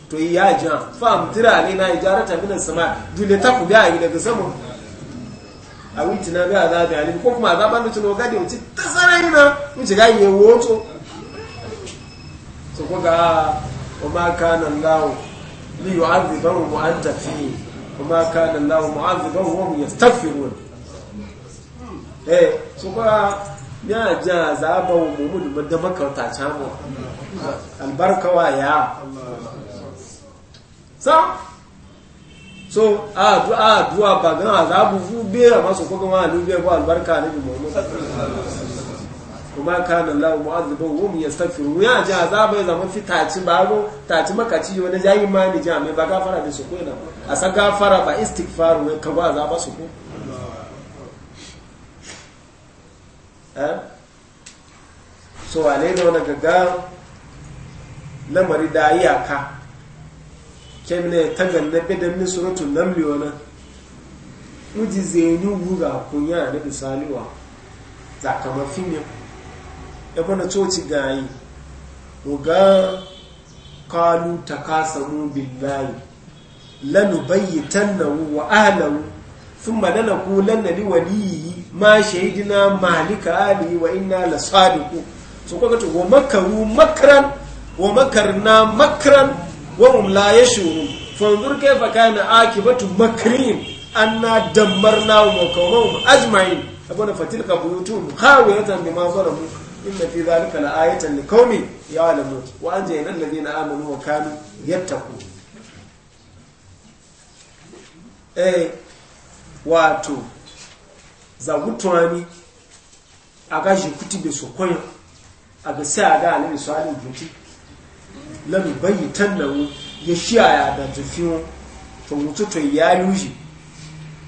to iya ja famtura alaina ta min sama jule ta ku biya yi daga sama a witi na bi azabi alim ko kuma azaban mutum o gadi mutum ta sarai na mutum ga yi woto so ko ga ma kana lawo li yu'adhibahu wa anta fi o ma kana lawo mu'adhibahu wa hum yastaghfirun eh so ko ni aja azaba wa mumudu da makarta albarka wa ya sa so a addu'a addu'a ba gana azabu fu be amma so ko gama alu be ko albarka nabi muhammad kuma kana allah mu'azzibu wa hum yastaghfiru ya ji azaba ya zama fitaci ba ro taci makaci wani jayi ma ne jami ba gafara da su ko ina a sa gafara ba istighfaru ne ka ba azaba su ko eh so alai da wannan gaga lamari da aka. kemne tagal na bedan min suratul naml wana uji zeni wuga kunya da bisaliwa za ka mafinya ya bana coci gayi muga Lanu takasamu billahi lanubayyitannahu wa ahlahu ku lanakulanna liwaliyi ma shahidina malika ali wa inna lasadiqu so kaga to wa makaru makaran, wa makarna makran wahum la ya yashurun fanzur kayfa kana akibatu makrim mu dammarnahum wa qawmahum ajma'in abuna fatilka buyutum khawiyatan bima zalamu inna fi dhalika la'ayatan liqaumin ya'lamun wa nan alladhina amanu wa kanu yattaqun eh wato za mutuwani a gashi kuti bai so sokoyin a ga sai a ga alibi su alibi lanu bayi tan na wu ya shiya ya da tufi wu to mutu to ya yuji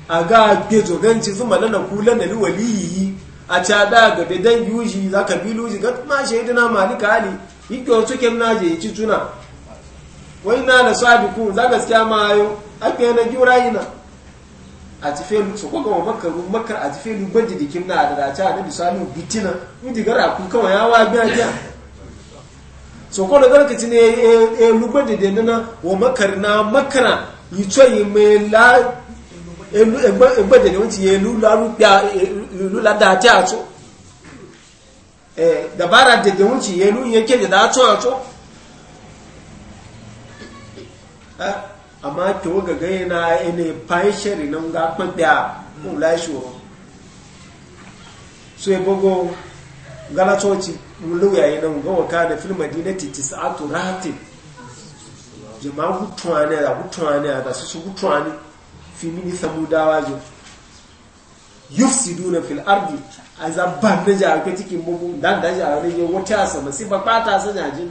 a ga gbe zoganci zuma lana kula na ni yi. a ca da ga be dan yuji za ka bi luji ga ma shaidina malika ali yi ga wasu na je yi ci tuna wai na da kun za siya ma ayo ake na jura yana a tifelu su kwa gama makaru makar a tifelu gwaji jikin na da dace a nabi salihu bitina in jigar a kuka wa yawa biya biya sokolo garkaci ne ya eh, eh, lugba da denina wa makarna makara yi tsoyi la egbe eh, da wanci ya lula da ta ato dabara da da wanci ya lula yake da ato ato amma ki waga gaya na ene fayin shari nan ga kwan da mula shi wa so ya galatoci luya yi nan gawa ka da fil madinati tis'atu rati jama'a gutuwane da gutuwane da su su gutuwane fi mini samudawa jo duna fil ardi a azabban da jarka cikin bugu dan da jarka ne wata asa sai ba pata sa jajin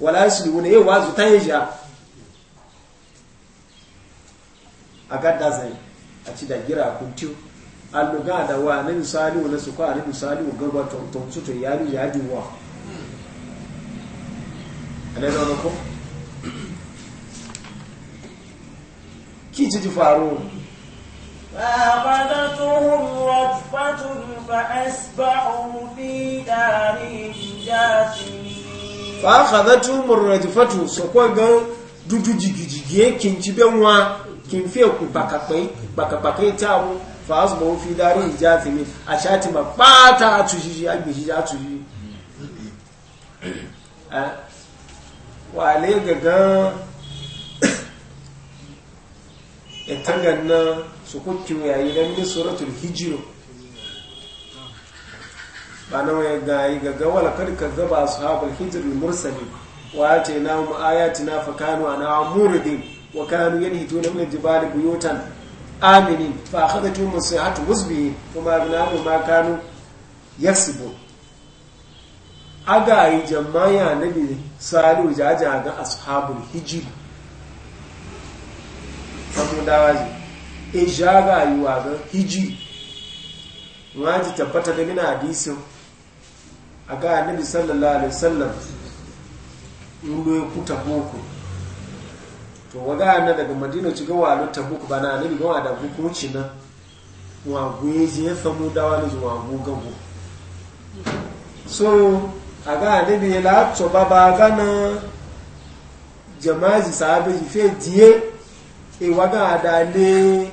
wala wa zuta wazu tanja a gadda zai a ci da gira kuntiyo alluga da wa nin salihu na su kwa nin salihu tuntun su tun yari wa a ɗaya zama ko? ki ci ji faru fa kada tumur rajfatu fa kin ci benwa kin fi ku baka kai ta mu fa fi dari jathimin a shati ma bata a tushi a gishi a tushi wale gaga etangan na su kukin yayi don mini suratul hijiro ba na ga yi gaga wala karka zaba su haɓar hijirin mursali wa ce na ayati na fa a an amuridin wa kanu hito na mai jibali buyutan aminin fa akhadatu musihatu wasbi kuma na abnahu ma kanu yaksibu aga yi jama'a na nabi salihu jaja ga ashabul hijr fatu dawaji e jaga yi wa ga hijri waji tabbata da mina hadisin aga nabi sallallahu alaihi wasallam ndo ku taboko to waga na daga madina ci gawa lo tabuk bana ne gawa da hukunci na wa guyeji ya samu dawa ne zuwa gugagu so aga ne bi la to ba aga na jama'i sahabe ji fe die e waga da ne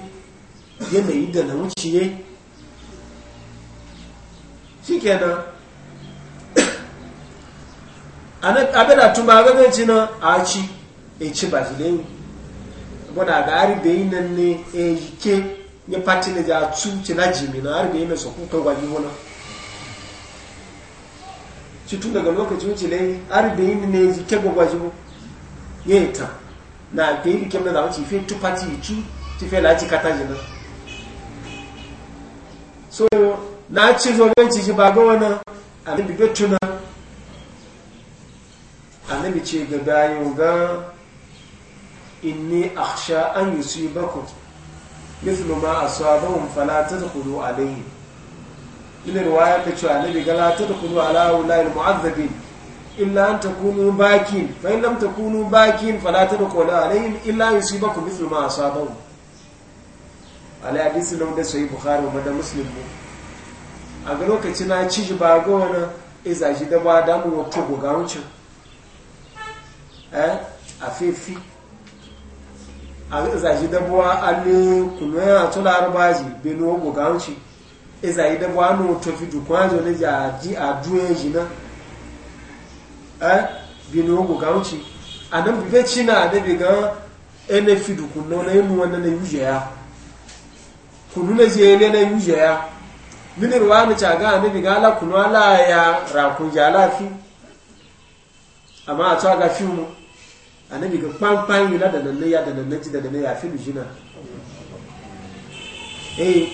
yanayi da na wuciye shikenan abin da tun ba gaganci na a ci e ci ba shi bọ́dà ga arìbè iná ní èyíké ní pàtí ní jà tú ti lájì mí náà arìbè iná sọ̀kún tó wáyé wọn náà títún daga lokacin wuce lai arìbè iná ní èyíké gbogbo àjíwó yé ìtàn na gbé ìké mẹ́ta wọ́n ti fẹ́ tú pàtí ìtú ti fẹ́ láti kátà jì náà so na ci zo ganci ji ba ga wani annabi bai tuna annabi ce ga bayan ga inni akhsha an yusibakum mithlu ma asabahum fala tadkhulu alayhi ila riwaya ta ce annabi ga la tadkhulu ala ulil mu'azzabin illa an takunu bakin fa in lam takunu bakin fala tadkhulu alayhim illa yusibakum mithlu ma asabahum ala hadisi nan da sahih bukhari da muslim mu a ga lokacin na ci ba ga wani izaji da ba da mu wato ga wucin eh a fi. zaji dabuwa alu kuma a tula arbaji benu ogo gaunci e zaji dabuwa no to fi dukwan zo ne ja ji a duwe ji na eh benu ogo gaunci anan bibe china da bi ga ene fi dukun no na emu wannan na yuje ya kunu na je ne na yuje ya mini ruwa ni caga ne bi ga ala kunu ala ya rakun ja ala fi amma a tsaga fi mu annabi ga kpankpan yula da nan ya da nan ji da nan ya fi lujina eh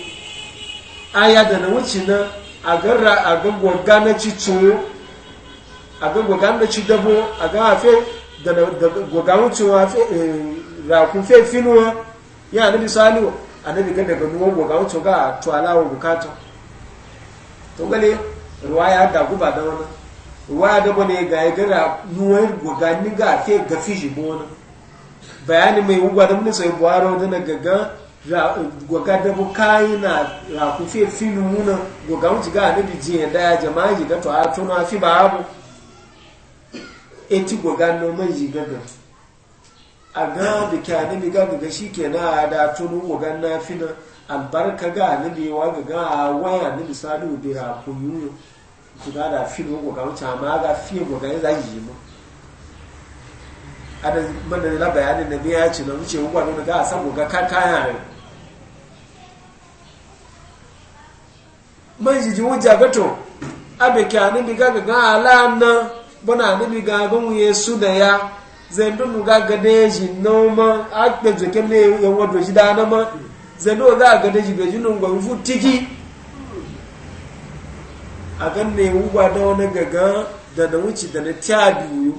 aya da nan wuce na a garra a gaggwaga na ci tuwo a gaggwaga na ci dabo a ga hafe da gaggwaga wucewa rakun fe finuwa ya annabi saliwa annabi ga daga nuwan gwaga wucewa ga tuwalawa bukata to gale ruwa ya dagu ba da wani wa da bane ga ya gara nuwar gogani ga fe ga fiji bona bayani mai wugwa da mun sai buharo da na gaga goga da bu kai na ra ku fe finu muna goga mun ga da jiya daya ya jama'a ji ga to a tuna fi ba abu eti goga noman yi ji ga a ga da kyani mi ga gaga shi a da tunu goga na fina albarka ga ni wa ga a waya ni sadu da ra yi suna da fil ko ga wuce amma ga fiye ko ga za yi mu ada mana la bayanin da biya ci na wuce ko da ga san ga kan kaya ne man ji gato abe ka ga ga ala na bona ne bi ga ga mu yesu da ya zendo mu ga ga ji no ma a ke je ne ma zendo ga ga ji be ji no tiki a gan ne wuba da wani gaga da da wuce da na ta biyu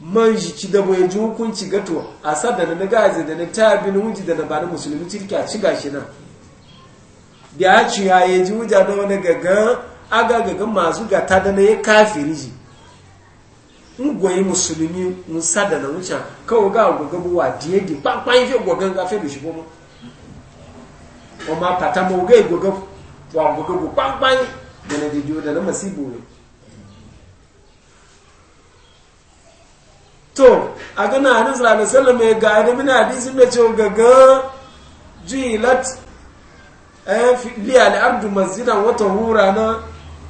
man jiki da bai ji hukunci gato a sa da na gaza da na ta biyu na wuce da na bani musulmi cirki a ci gashi nan da ya ci ya yi ji wuja da wani gaga aga gaga masu gata da na ya kafiri ji in goyi musulmi in sa da na wuce kawai ga gwagabuwa diye di kpankpan fi gwagan gafe da shi goma o ma patama oge wa mbuga bu kwankwan da na jijiyo da na masibu ne to a gana hadis da sallam ya ga adamin hadisin da cewa gaga juilat liya al'abdu masjidan wata hura na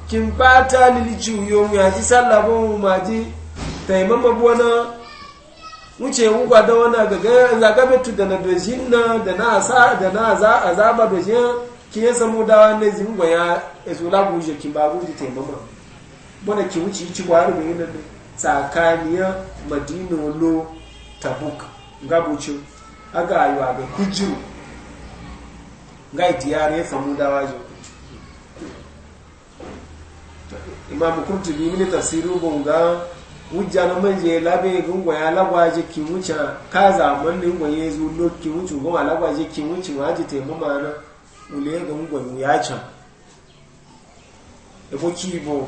kin bata lili ciwo mu yaji sallah ba mu maji taimama bu wani wuce wuka da wani gaga zagabe tu da na dojin na da na azaba dojin ki ya samu da ya zo lagu je kin ba ruji te mama bona ki wuce ci gwa rubu yin da tsakaniya madina lo tabuk aga ayu aga kujiru nga diyar ya samu da wajo imam kurtubi mini tafsiru nga wujja na manje labe gungo ya lagwaje ki wuce ka zaman ne gwaye zo lo ki wuce goma lagwaje ki wuce waje te mama na ule ga ngwai ya can e boki bo,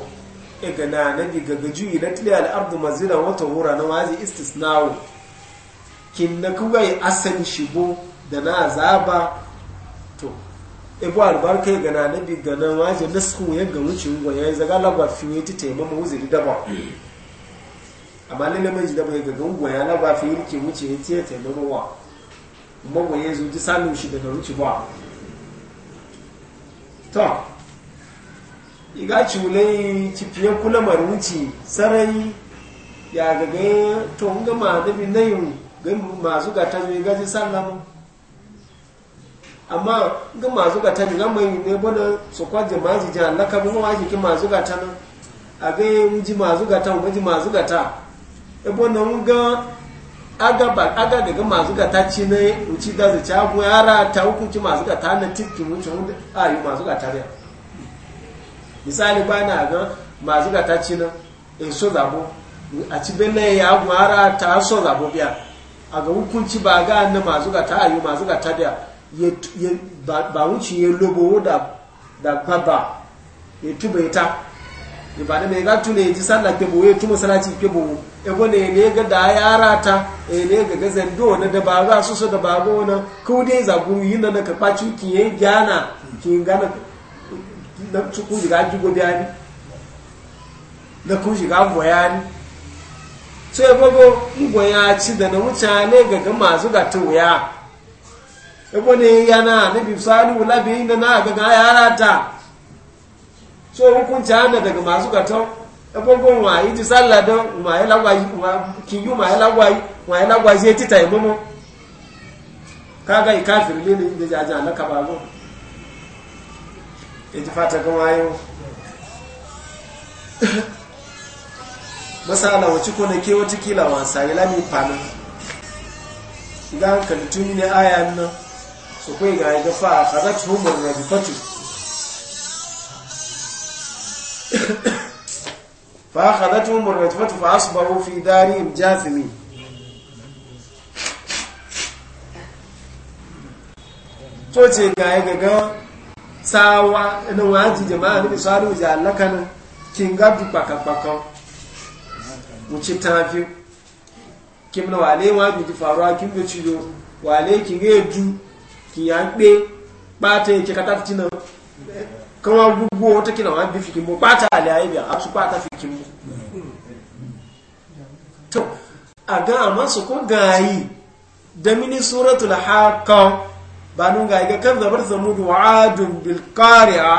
e ga na diga ga gaju ila tili al ardu mazina wa tahura na wazi istisnawo kin na kugai asan shigo da na azaba to ebo albarka ga na na diga na wazi nasku ya ga wuce ngwai ya zaga lagwa fiye ta taimama da daba amma lalle mai da bai ga ungwa ya laba fi yirke wuce ya tiye taimarowa kuma ya zo ji samun shi daga wuce ba to iga culai cikin kula maruci sarai ya gaga to ga ma na bi nayin masu gata ta gaji sallama amma ga masu gata ne ga mai ne bana su kwaje maji ji Allah ka mu waje ki masu gata ta nan a ga yi ji masu gata ta ji masu gata ta e bana ga aga ba aga daga masu gata ci ne uci da zaci abu yara ta hukunci masu gata na tiki wuce wanda a yi masu gata ne misali ba na ga masu gata ci na in eh, so zabo a ci nan ya abu yara ta so zabo biya a ga hukunci ba ga na masu gata a yi masu gata biya ba wuce ya lobo da kwaba ya tuba ta. ibada mai gatu ne ji sallah ke boye tu masalaci ke bowo e go ne ga da yara ta e eh, ne ga ga do na da baga su su da bago na ku dai za guru yin da ka paci ki yan gana ki gana da su ku ga ji go bayani da ku ji ga ni. so e gogo go ya ci da na ne ga ga masu ga ya e ne yana nabi sallallahu wala bi na ga yara ta so hukunci hana daga masu gaton abubuwan wa yi tisalla don ma yi lagwayi kinyu ma yi lagwayi ma yi lagwayi zai tita yi mumu kaga yi kafin lili da jaji alaka babu ya e ji fata gama yau masala wacce ko na ke wata kila wasa yi lami fana ga hankali tun ne ayan nan su kai ga ya gafa a kazatu humar rabifatu fa khadathu murratfatu fa asbahu fi darihim jathimin to ce ga gaga tsawa na waji jama'a ne salu ja allaka nan kin ga kim na wale wa bi faruwa kim da cido wale ki ga du ya gbe ba ta yake ka tafi wata wá gbogbo wọn tó kí náà wọ́n bí ayi mú pátá àlẹ́ ayé bí àtú pátá fìkí mú amma àgá àmọ́ sọkún gàáyì domini suratul haqqan banu ga ga kan zabar zamudu wa adun bil qari'a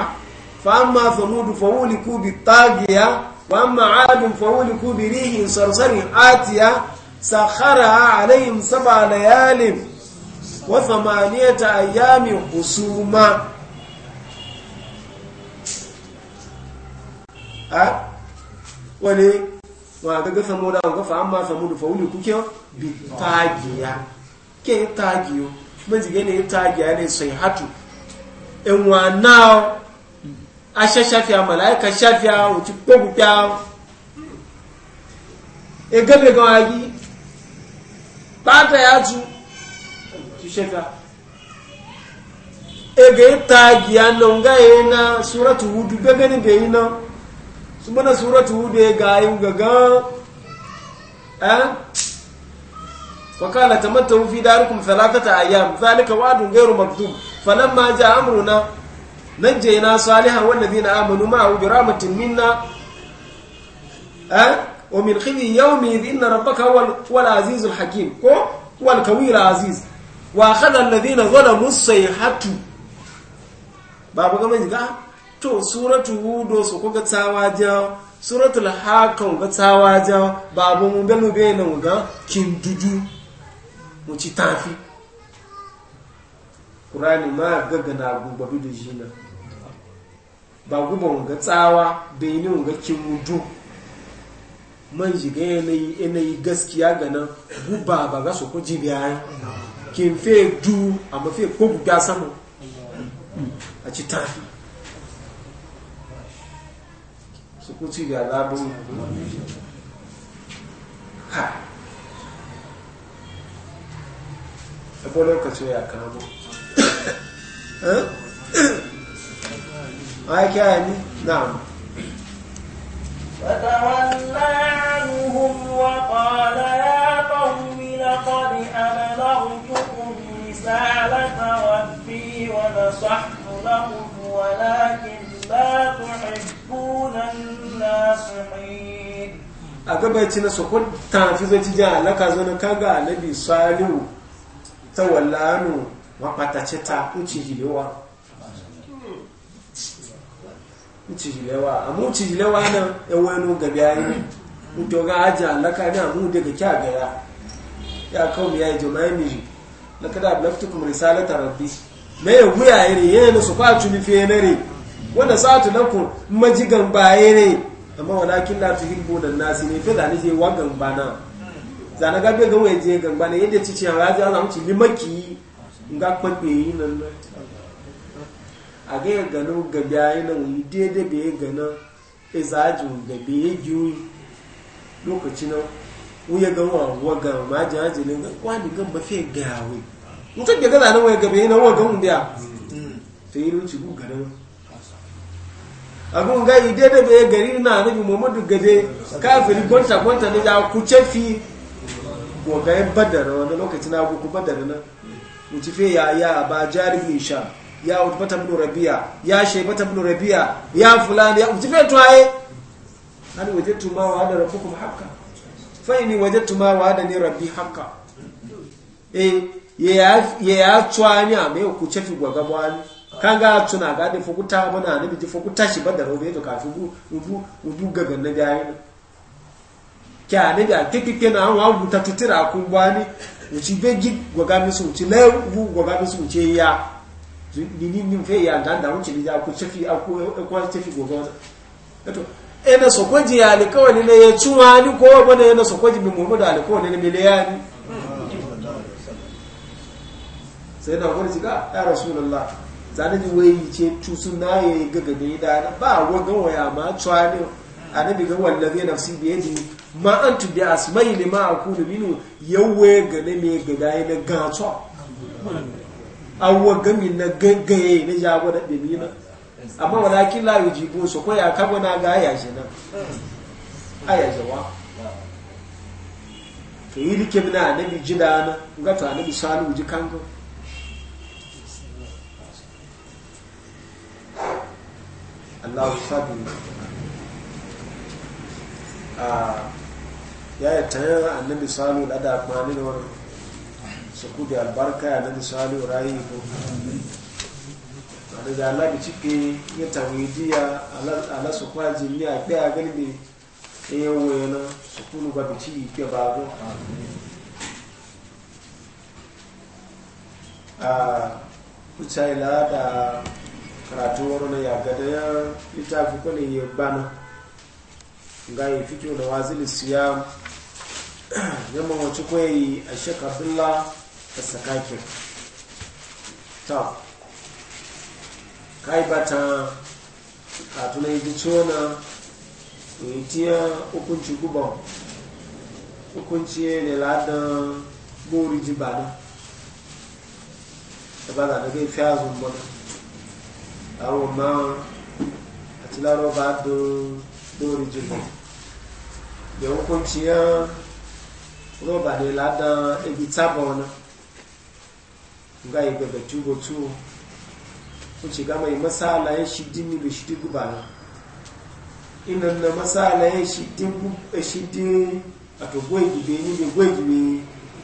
fa amma zamudu fa uliku bi tagiya wa amma adun fa uliku bi rihin sarsarin atiya sakharaha alaihim sab'a layalin wa thamaniyata ayyamin husuma a wani wa gaga samu da ga fa amma samu da fa wuni kuke bi tagiya ke tagiyo mun jige ne tagiya ne sai hatu in wa now a shashafiya malaika shafiya wuci kogu pya e gabe ga wagi bata ya ki shafiya e ga tagiya nan e ga yana suratu hudu gaga ne ga yi nan su mana surat hudu ya gayi gagan ta wakala tamattaru fi darikum ta ayyam zalika wa'dun ghayru makdum falamma nan je na salihan zina amunu amanu a bi mutum minna eh wa min yau yawmi zina rabbaka huwal wal azizul hakim ko wal kawira aziz wa zo alladhina musai hatu babu ga manjiga to suratu hudo su kuka tsawa jawo suratu hakan ga tsawa jawo babu mu belu be mu ga kin dudu mu ci tafi qur'ani ma gaga na gumba dudu jina ba guba ga tsawa bai ni ga kin mudu man shiga yanayi yanayi gaskiya ga nan guba ba ga su ku ji biya kin fe du a mafi ko guga mu a ci tafi se consiga dar bom uma vida. É por eu que você acabou. Hã? Ai que é, né? Não. فتولى عنهم وقال يا قوم لقد أبلغتكم رسالة ربي ونصحت لهم ولكن la tuhibbuna an a gabaci na sokon tafi zai ci alaka zo na kaga alabi salihu ta wallanu mafatace ta uci jilewa uci A mu uci hilewa nan yawonu gabi ayi uto ga aji alaka ne mu daga kya gaya ya kawo ya yi jama'i na kada abu laftukun risalata rabbi me ya guya iri yana su kwa tuni fiye na wanda na ku majigan baye ne amma na la tuhibbu dan nasi ne fa zani je wa gamba na zana ga ga waye je gamba ne yadda ci ci ya raji Allah muci limaki nga kwabe yi nan a ga gano ga baye nan yi daidai be gana e zaju ga be yi lokaci na wuya ga wa wa ga ma ne ga kwani gan ba fe gawe mutum ga ga zanen waya gabe na wa ga mun biya sai mm. yi ruci gugarin abun ga yi daidai bai gari na nabi muhammadu gade kafin gwanta gwanta da ya ku fi kogayen badar wani lokaci na kuku badar na mutufe ya ya ba jari sha ya bata bulu rabiya ya bata bulu rabiya ya fulani ya mutufe tuwaye hali waje tuma wa da rafukum haka fa'ini waje tuma wa da ne rabbi haka eh ya ya tuwa ne a mai kuce fi gwagabwani kanga tuna ga da fukuta bana ne biji fukuta shi badar obe to kafi bu bu bu gaga na gayi kya ne ga kikike na wa buta tutira ku bani uci beji goga mi su uci le bu goga mi su uci ya ni ni ni fe ya dan da uci ya ku chefi aku ku chefi goga to ena sokoji ya alikawani ne ya tuwa ni ko bana hmm. ena sokoji bi muhammadu alikawani ne miliyani sai da wani shiga ya rasulullah zane ji wai ce tusu na ya yi gaga da da na ba wa gawa ya ma tsuwa ne a na nabi ga zai nafsi biya ji ma an tu bi mai ne ma akulu minu yawe ga ne mai gada dai na gato a wa gami na gaggaye na jago da ɗabi na amma walakin la yujibu su ko ya kabo na ga ya shi a ya jawa ka yi rike mina na bi annabi jidana ga na bi salu ji kango Allahu sabi a ah, ya yi tayar annabi salu da da kwani da wani su kudi albarka ya annabi salu rayu ko da da Allah bi cike ya tawidiya Allah su kwa ni a ɗaya galibi in yi wayana su kunu ba bi ci ke ba ko a ah, kucai la da karatu wani na yaga da ya littafi ne ya bana ga yi fito da wazili siya yamma wacce kwayi a shekabila da sakakin ta kai bata karatu na yi na yi tiya hukunci guban hukunci ne ladan bori jibana da ba za da gai fiya zumbana àwọn ọmọ àti lárọ́bà dórí jùlọ yẹ̀wò kó tí yán rọ́bà ní ládán ebi tábọ̀ ọ̀nà nga yi gbẹ̀gbẹ̀ túbọ̀ túbọ̀ ó ti gama yi masala ya shi dín níbi shi dín gúbà náà iná na masala ya shi dín a tó gbọ́ ìgbìgbì níbi gbọ́ ìgbìgbì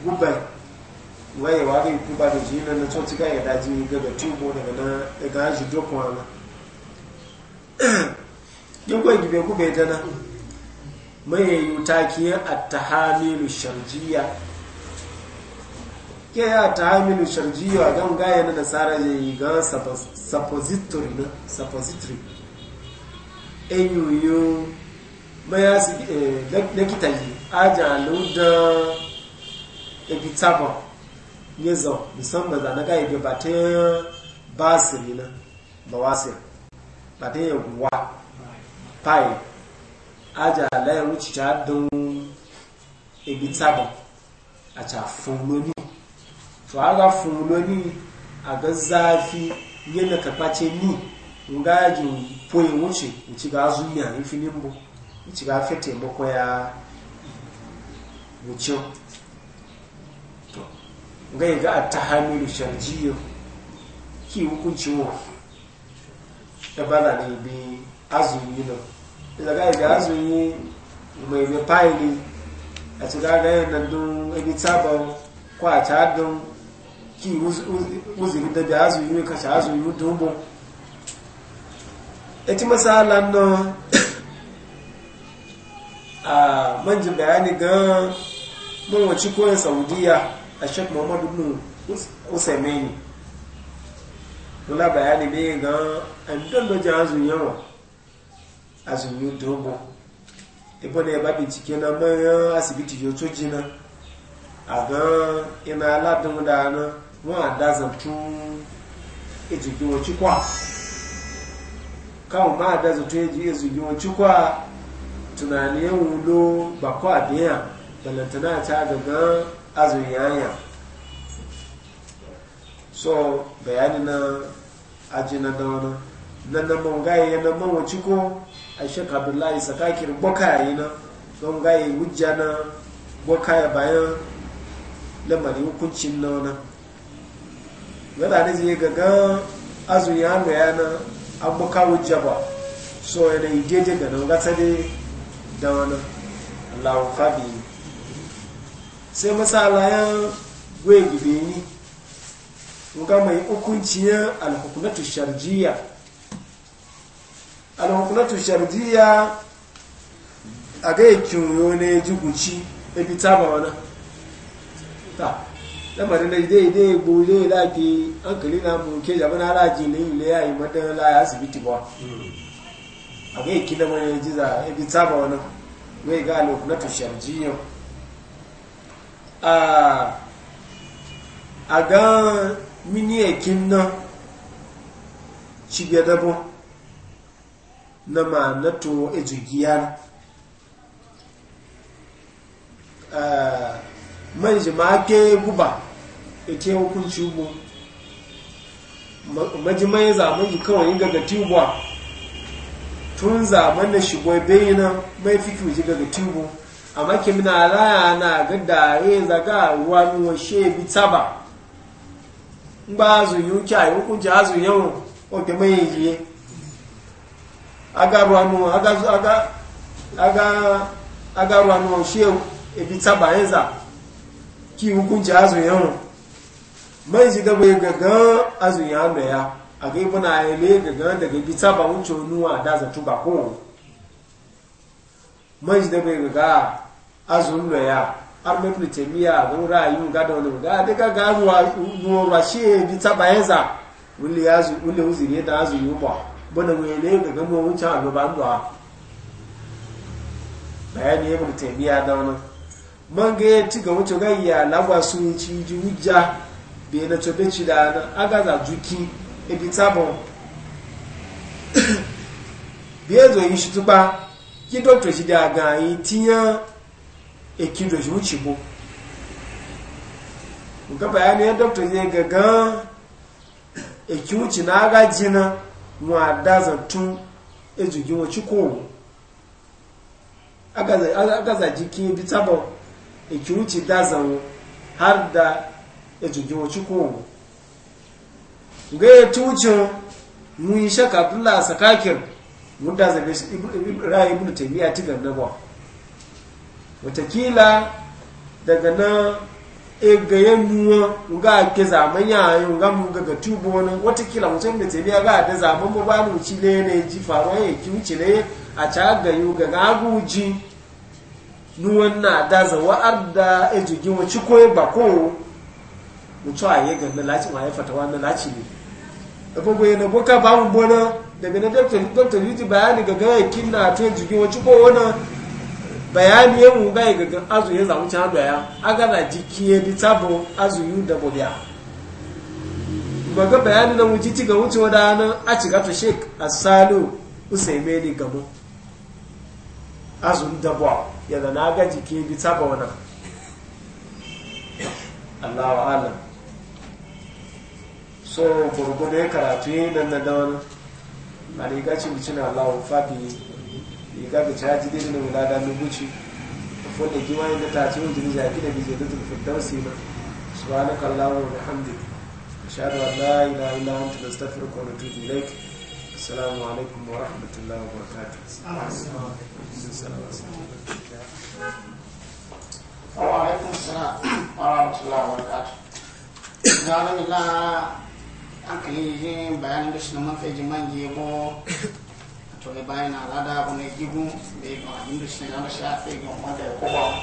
gúbà yìí waye wa ga yi ba da jina na to tiga ya daji ga ga tubo daga na daga shi dokon ana yin kwa gibe ku bai dana mai yu a ta hamilu sharjiya ke ya tahamilu sharjiyya gan gaya na nasara yi ga suppository na suppository enyuyu ya su eh, lekitaji ajalu da ebitaba ya zau musamman za yi gaibe ba ta basiri na ba wasir ba ta yi guwa pai aja laye wuce ta ebi ibi tsaba a ca funloni to aga funloni a ga zafi yana karface ni ngajin poyi wuce wuce ga zumiya infinin bu wuce ga fete mako ya wucin gai ga tahamilu sharjiyo ki hukunci wo da bala ne bi azumi no da gai ga azumi mai mai faili a ci gaga yin nan don ebi taba ko a ta don ki uzuri da bi azumi ka ci azumi don bon eti masala no a manjin bayani ga mun wace koyon saudiya a shek muhammadu bin usaimeni bayani bai ga an dondo ji azun yawa azun yi dogo ibo ne ba bincike na asibiti yoto jina a ga ina da na wọn a da zantun ejigin cikwa kawo ma a da zantun ejigin wa cikwa tunaniyan wulo a biya balantana ta azumin yanya so bayani na aji na dawana na na mongaye ya na mawaci ko a shek abdullahi sakakir bokaye na mongaye wujja na bokaye bayan lamari hukuncin na wana gada ne zai gaga azumin ya na an boka wujja ba so yana yi daidai ga nan gata dai dawana allahu kabi sai matsala yan gwegi beni muka mai hukunciyar alhukunatu sharjiya alhukunatu sharjiya a ga na yone jiguci ebi taba wani ta lamarin da idai idai gbole an hankali na muke jaba na alaji ne ile ya yi madan laya asibiti ba a ga na da mai za ebi taba na mai ga alhukunatu sharjiya a gan mini ekin na shige dabo na ma na to ejigiyar man jima ke guba ake hukunci ugbo majimai zamani kawai yin gagati ugbo tun zamanin shigo bayi nan mai fi kyuji gagati ugbo amma ke mina raya na gada dare zaga wani washe bi taba ba zu yi wuce a yi hukunci a zu yawon oke mai yiye aga ruwanu aga zu aga washe ebi taba yin za ki hukunci a zu yawon mai ji gaba ya gagan a zu ya ya a ga ibu na ile e gagan daga bi ba wuce nuwa da zatu ba kowane mai ji gaba ya gagan azụ azunlo ya armetu temiya anyị ra'ayin gada wani ga daga garuwa ruwa shi bi ta bayanza wule ya zu da azu yuba bana wele ga na a gaban da bayani ya mutu temiya da wani man ga ya na ga ya na agaza juki ebi bie bi ezo ekin da zuci e bo ga bayani ya doktor zai gaga ekin wuce na agaji na ma da zartun ejugin wace kowo agaza jiki bi tabo ekin wuce da zanwo har da ejugin wace kowo ga ya tucin mun yi shaka abdullahi sakakir mun da zabe ibrahim ibn taymiya tigar na ba watakila daga na egaye nuwa nga ke zaman yayo nga mu ga ga tubo wani watakila mutum da tabiya ga da zaman mu ba mu cile ne ji faruwa ya ki wuce a ca ga yi ga gaguji nuwan na da wa arda ejugi wa ci koyi ba ko mutu a yi ga na laci ma ya fatawa na laci ne da e fago yana boka ba mu bona daga na doktor yuti bayani ga ga yakin na to ejugi wa ci ko wona. bayani ya mu gai ga azu ya zamu ci hadu ya aga na jiki ya bitabo azu yu da bobiya baga bayani na muji ci ga wuce wada nan a ci gato sheik asalo usaimeni gamo azu da bo ya na aga jiki ya bitabo wannan Allahu alawala so gburugburu ya karatu yi nan da wani a riga ci fabi riga da caji dai da wula da lubuci giwa da ta ce wajen jaki na subhanaka allahumma wa bihamdika ashhadu an la ilaha illa anta astaghfiruka wa atubu ilaik assalamu alaikum wa rahmatullahi wa barakatuh wa alaikum wa rahmatullahi wa barakatuh na an kai bayanin da shi na mafi jiman gebo to e bayna alada bone da be ko hindu sinana shafe go mata ko ba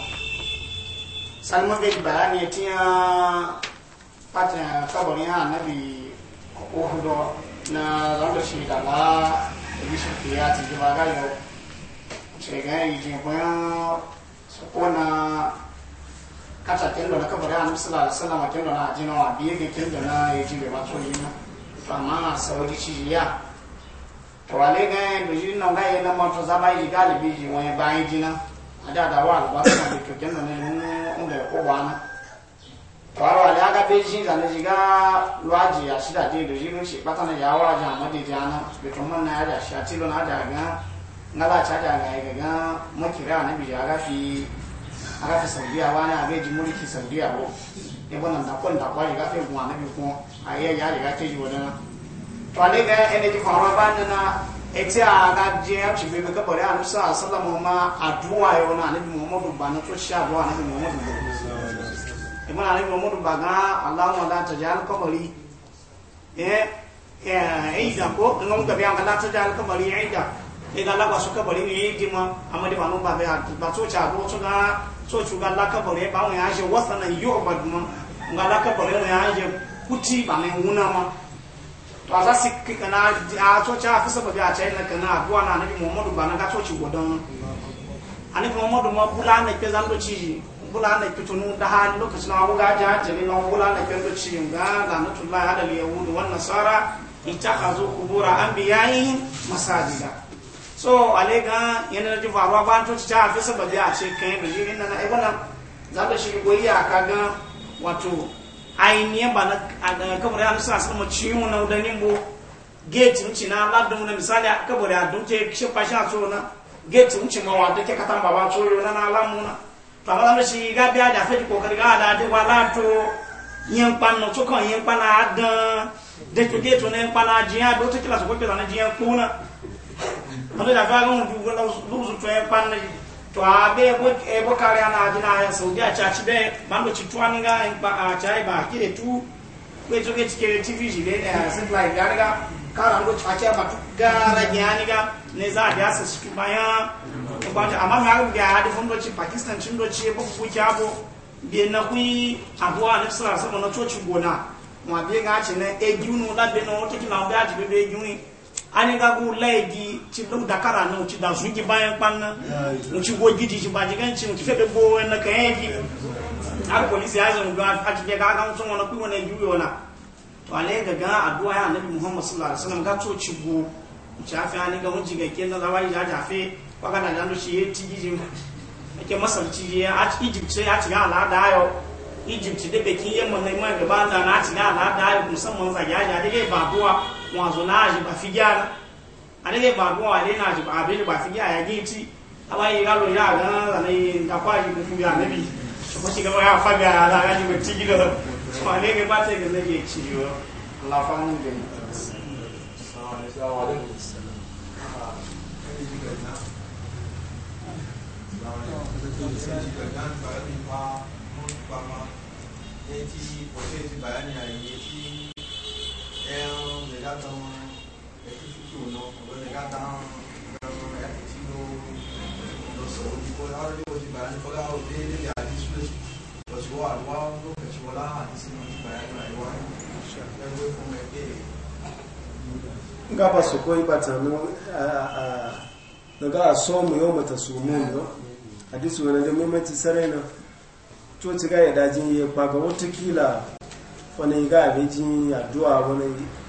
salma be bayani tiya patra kabon ya nabi ko hudo na rando shi da la e bisu tiya ti jibaga yo chega yi je ko ya so kona kata tendo na kabon ya nabi sallallahu alaihi wasallam tendo na ajina wa biye ke tendo na yi jibe ma to yina fa ma saudi ci ya tọ̀wálé gan ga náà gáyé náà mọ́ tó sábà yìí gáàlì bí yìí wọ́n bá yín jiná adáadáwà àlùbáṣà náà da jẹ́ na ń lè ya wà ná tọ̀wálé wàlé agábé yìí ìlànà yìí gá lọ àjì àṣìdàdé lójú ló ṣe pátá náà yàwó àjà àmọ́dèdè àná bìtò mọ́ náà àjà àṣì àti lọ́nà àjà ya ngálà àti àjà gan ẹ̀gẹ̀ gan mọ́kìrì ànábìyà a na sàgbéyà wá náà ya tọ́lẹ́gẹ́ ẹni tí kọ̀ọ̀rọ̀ bá nana etí àga jẹ́ àtìgbẹ́ mẹ́kẹ́ bọ̀rẹ́ àlùsọ àsálàmù ma àdúrà yọ̀ náà níbi mọ́mọ́dù bá náà tó ṣe àdúrà níbi mọ́mọ́dù bá ìmọ̀ náà níbi mọ́mọ́dù bá gan aláwọ̀ látọ̀jà alikọ́mọ̀rí ẹ̀ẹ́dà kó ńlọ́mú gàbí àwọn látọ̀jà alikọ́mọ̀rí ẹ̀ẹ́dà ẹ̀dà alágbàsó kọ́mọ̀rí ni èyí e dìímọ̀ amọ̀dé bá nùgbà bẹ́ẹ̀ àtùgbà tó ṣe àdúrà tó gan tó ṣù gan alákọ̀mọ̀rí báwọn e yà á ṣe wọ́sàn náà yóò gbàdúmọ̀ ń gan alákọ̀mọ̀rí wọn e yà á ṣe kútì bàmí ń wúnà wọn ba za su kika na a coci a fisa babi a cayin na kana abuwa na anabi muhammadu ba na ga coci gudan anabi muhammadu ma bula na ke zan doci bula na ke tunu da hali lokacin na wuga jajiri na bula na ke doci ga lanatullahi hadal yahudu wannan sara ita ka zo kubura an biyayi masajida so ale ga yana da faruwa ba to ta a fisa babi a ce kan da jirin na na ai wannan za shi goyi a kaga wato ainihin ba na kabari a nusa sama ciwo na udanin bo gate nci na ladun na misali a kabari a dunce shi fashi a tsoro na gate nci ma wa duke katan baba tsoro na na alamu na to amma zama shi ga biya da fadi kokari ga da duk wala to yin pan no to kan yin pan a dan da ke gate na yin pan a jiya do to kila su ko kila na jiya kuna wanda da fa ga mu duk wala su to yin pan na to abe ebo kare ana ajina ya saudi a chachi be mando chitwani nga ba a chai ba kire tu kwe to ke chikere tv jile eh supply gari ga kara ndo chachi ba tu gara gyani ga ne za ga sa shi baya ba ta amma ga ga hadi fondo chi pakistan chin do chi ebo ku kyabo bi na ku abuwa ne sala sa na to chi gona mo abi ga chi ne egiunu la be no to ki na obi aji be be egiunu ani nga ko lɛɛji ti lɛw dakara ni o ti da zunji ba na o ti wo gidi ti ba jɛgɛ ti ti bo na kɛɲɛ ji a polisi a zɛn o dɔn a ti jɛ k'a ka ale ga a a y'a nabi muhammad sallallahu alaihi wa ga ka t'o ti a fɛ ani ka na la wa a ja fɛ wa ka na yan do si ti ji ma a kɛ masal ti ye a ti a ti de k'i ye ma na a ti musamman sa ya ja de ba wọn zo na aji ba fijara anege ba go ale na aji ba be ba fijara ya giti aba yi galo ya ga na yi da kwa ji ku fuya nabi ko shi ga ya fa ga ala ga ji mutti gido so anege ba te ga ne ge ci yo Allah fa mun ge Ẹtí ọ̀sẹ̀ ti bàyá ni àyè tí datang itu susu no boleh datang itu no so di pola di di baran pola di di di susu was go al wa no ke chola di sini di baran la wa ya go ko me ke ngapa sokoi patano a daga asomu yau mata sumu no hadisi wani da mimmanci sarai na coci ga ya dajin ya kwaga watakila wani ga abin jin yaduwa wani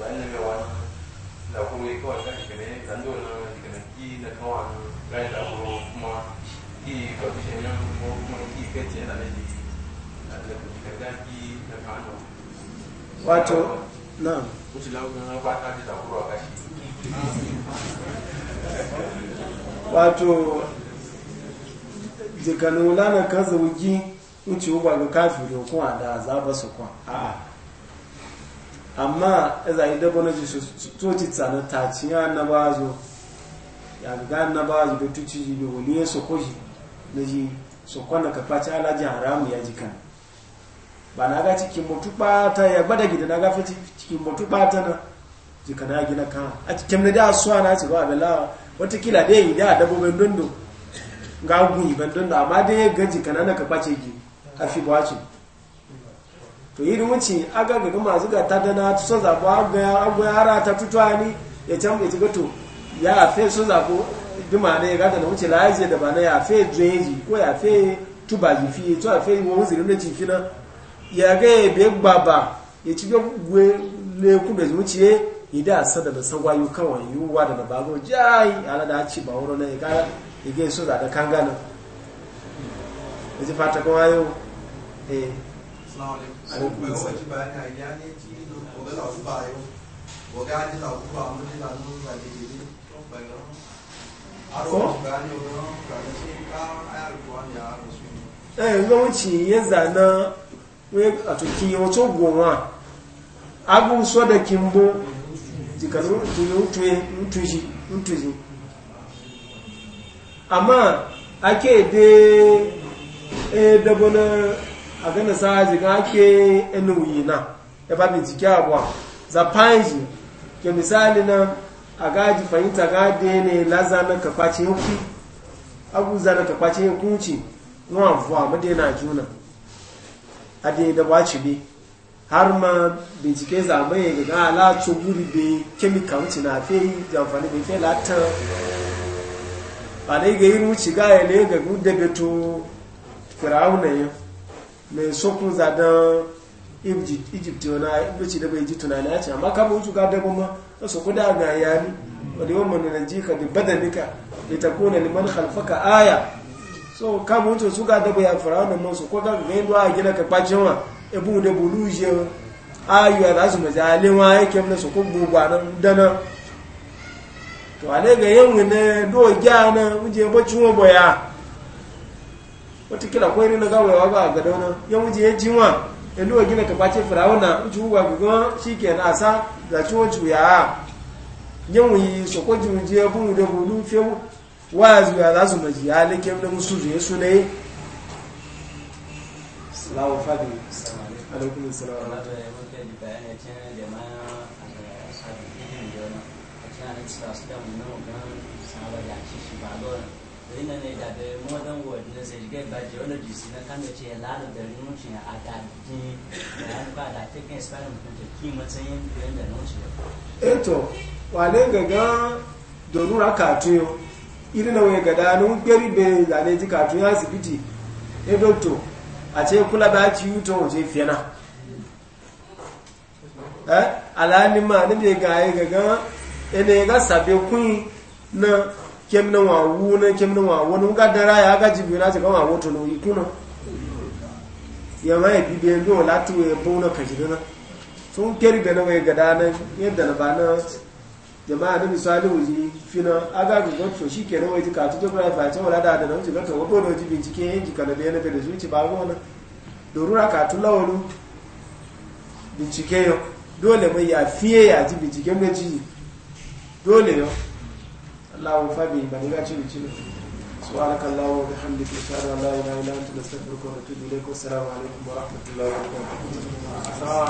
وأن جوان لو هو يكون كان كمان عنده كان كي نكوان غير أبو ما كي كبشنا ما كي كتير أنا دي أنا كي نكوان واتو نعم وش لو كان بعد هذا أبو راكشي wato jikanula na kan zaugi wuce wa kafin dokun a da zaba su kwan a'a amma za yi dabo na ji toci tsana ta cinya na zo ya ga na zo da tuci ji da wani ya soko shi na ji soko na kafa ci alaji haramu ya kan ba na ga cikin mutu bata ya gbada gida na gafi cikin mutu bata na jika na gina kan a cikin na da suwa na ci ba a bala watakila da yi da dabo ban dondo ga guyi ban dondo amma dai ya gaji kana na kafa ce gi a fi ci. to irin wuce aga ga gama zuga ta dana so zabo agwa yara ta tutuwani ya can bai jiga to ya fe so zabo dima ne ya gada na wuce laje da ba na ya fe dreji ko ya fe tuba jifi to ya fe wo wuzirin da jifi na ya ga ya bai gbaba ya ci ga gwe le ku bai ya ida sada da sagwayo kawai yiwuwa da da bago jai ala da ci ba wuro na ya ga ya ga so da kangana ya fata kuma yau eh assalamu alaikum alùpùpù ẹ̀wọ̀n ti bá ẹ̀ka a saji ka ke ake yi na ya ba bincike abuwa za panji ke misali na a gaji fahimta ga ne laza na kafaci yanku abuza na kafaci yanku ce nuwa fuwa madina juna a dai da ci bi har ma bincike zamai ya gaga ala tsoguri bai kemika wuce na fe da amfani bai fe latin ba dai ga yi wuce ga ya ne ga gudu da beto firawunan yau mai sokun zadan egypt wani ibici da bai ji tunani ya ce amma kama wuce ga dabon ma a so kuda ga yami wadda yawan mana ji ka da badanika da ta kone liman halfaka aya so kama wuce su ga dabo ya fara wani man so kuda ga yin a gina ka bacin wa ebu da bulu je ayu a za su maji alewa yake mana so kun na, nan dana to ale ga yin wani do gyana wuje bacin wa boya watakila kweri na ga yawa ba ga dauna ya muje ya jiwa ya gina ka face firawuna uci huwa gugu shi ke na sa za ci wacce ya yin yi soko jiwuje ya bunu da budu fe wa zuwa za su maji ya lake da musu zuwa su ne salawa fadi salawa a e ne da modern world ne se jige ba kan da ce la da da na ada da an ba da take ta wale gaga iri na gada nun gari be da ne ji ka tuyo asibiti a ce kula ba ci je fiyana. Eh alani ma ne ga e ga ga ene ga sabe na kem e na wa wuna e kem na wa wani ga dara ya ga jibi na ga wa woto no ikuna ya mai bibe ndo la tu e bona ka jidana sun keri ga na wai ga dana yadda na ba na jama'a da misali wuji fina aga ga ga to shike na wai e ji ka to ba ba ta wala da da na wuji ga to wa bodo ji bincike yin ji kana da yana da zuci ba gona dorura ka tu lawalu bincike yo dole mai ya fiye ya ji bincike mai ji dole yo Allahu fabi ba ni ga ci ci سبحانك اللهم وبحمدك اشهد ان لا اله الا انت نستغفرك ونتوب اليك والسلام عليكم ورحمه الله وبركاته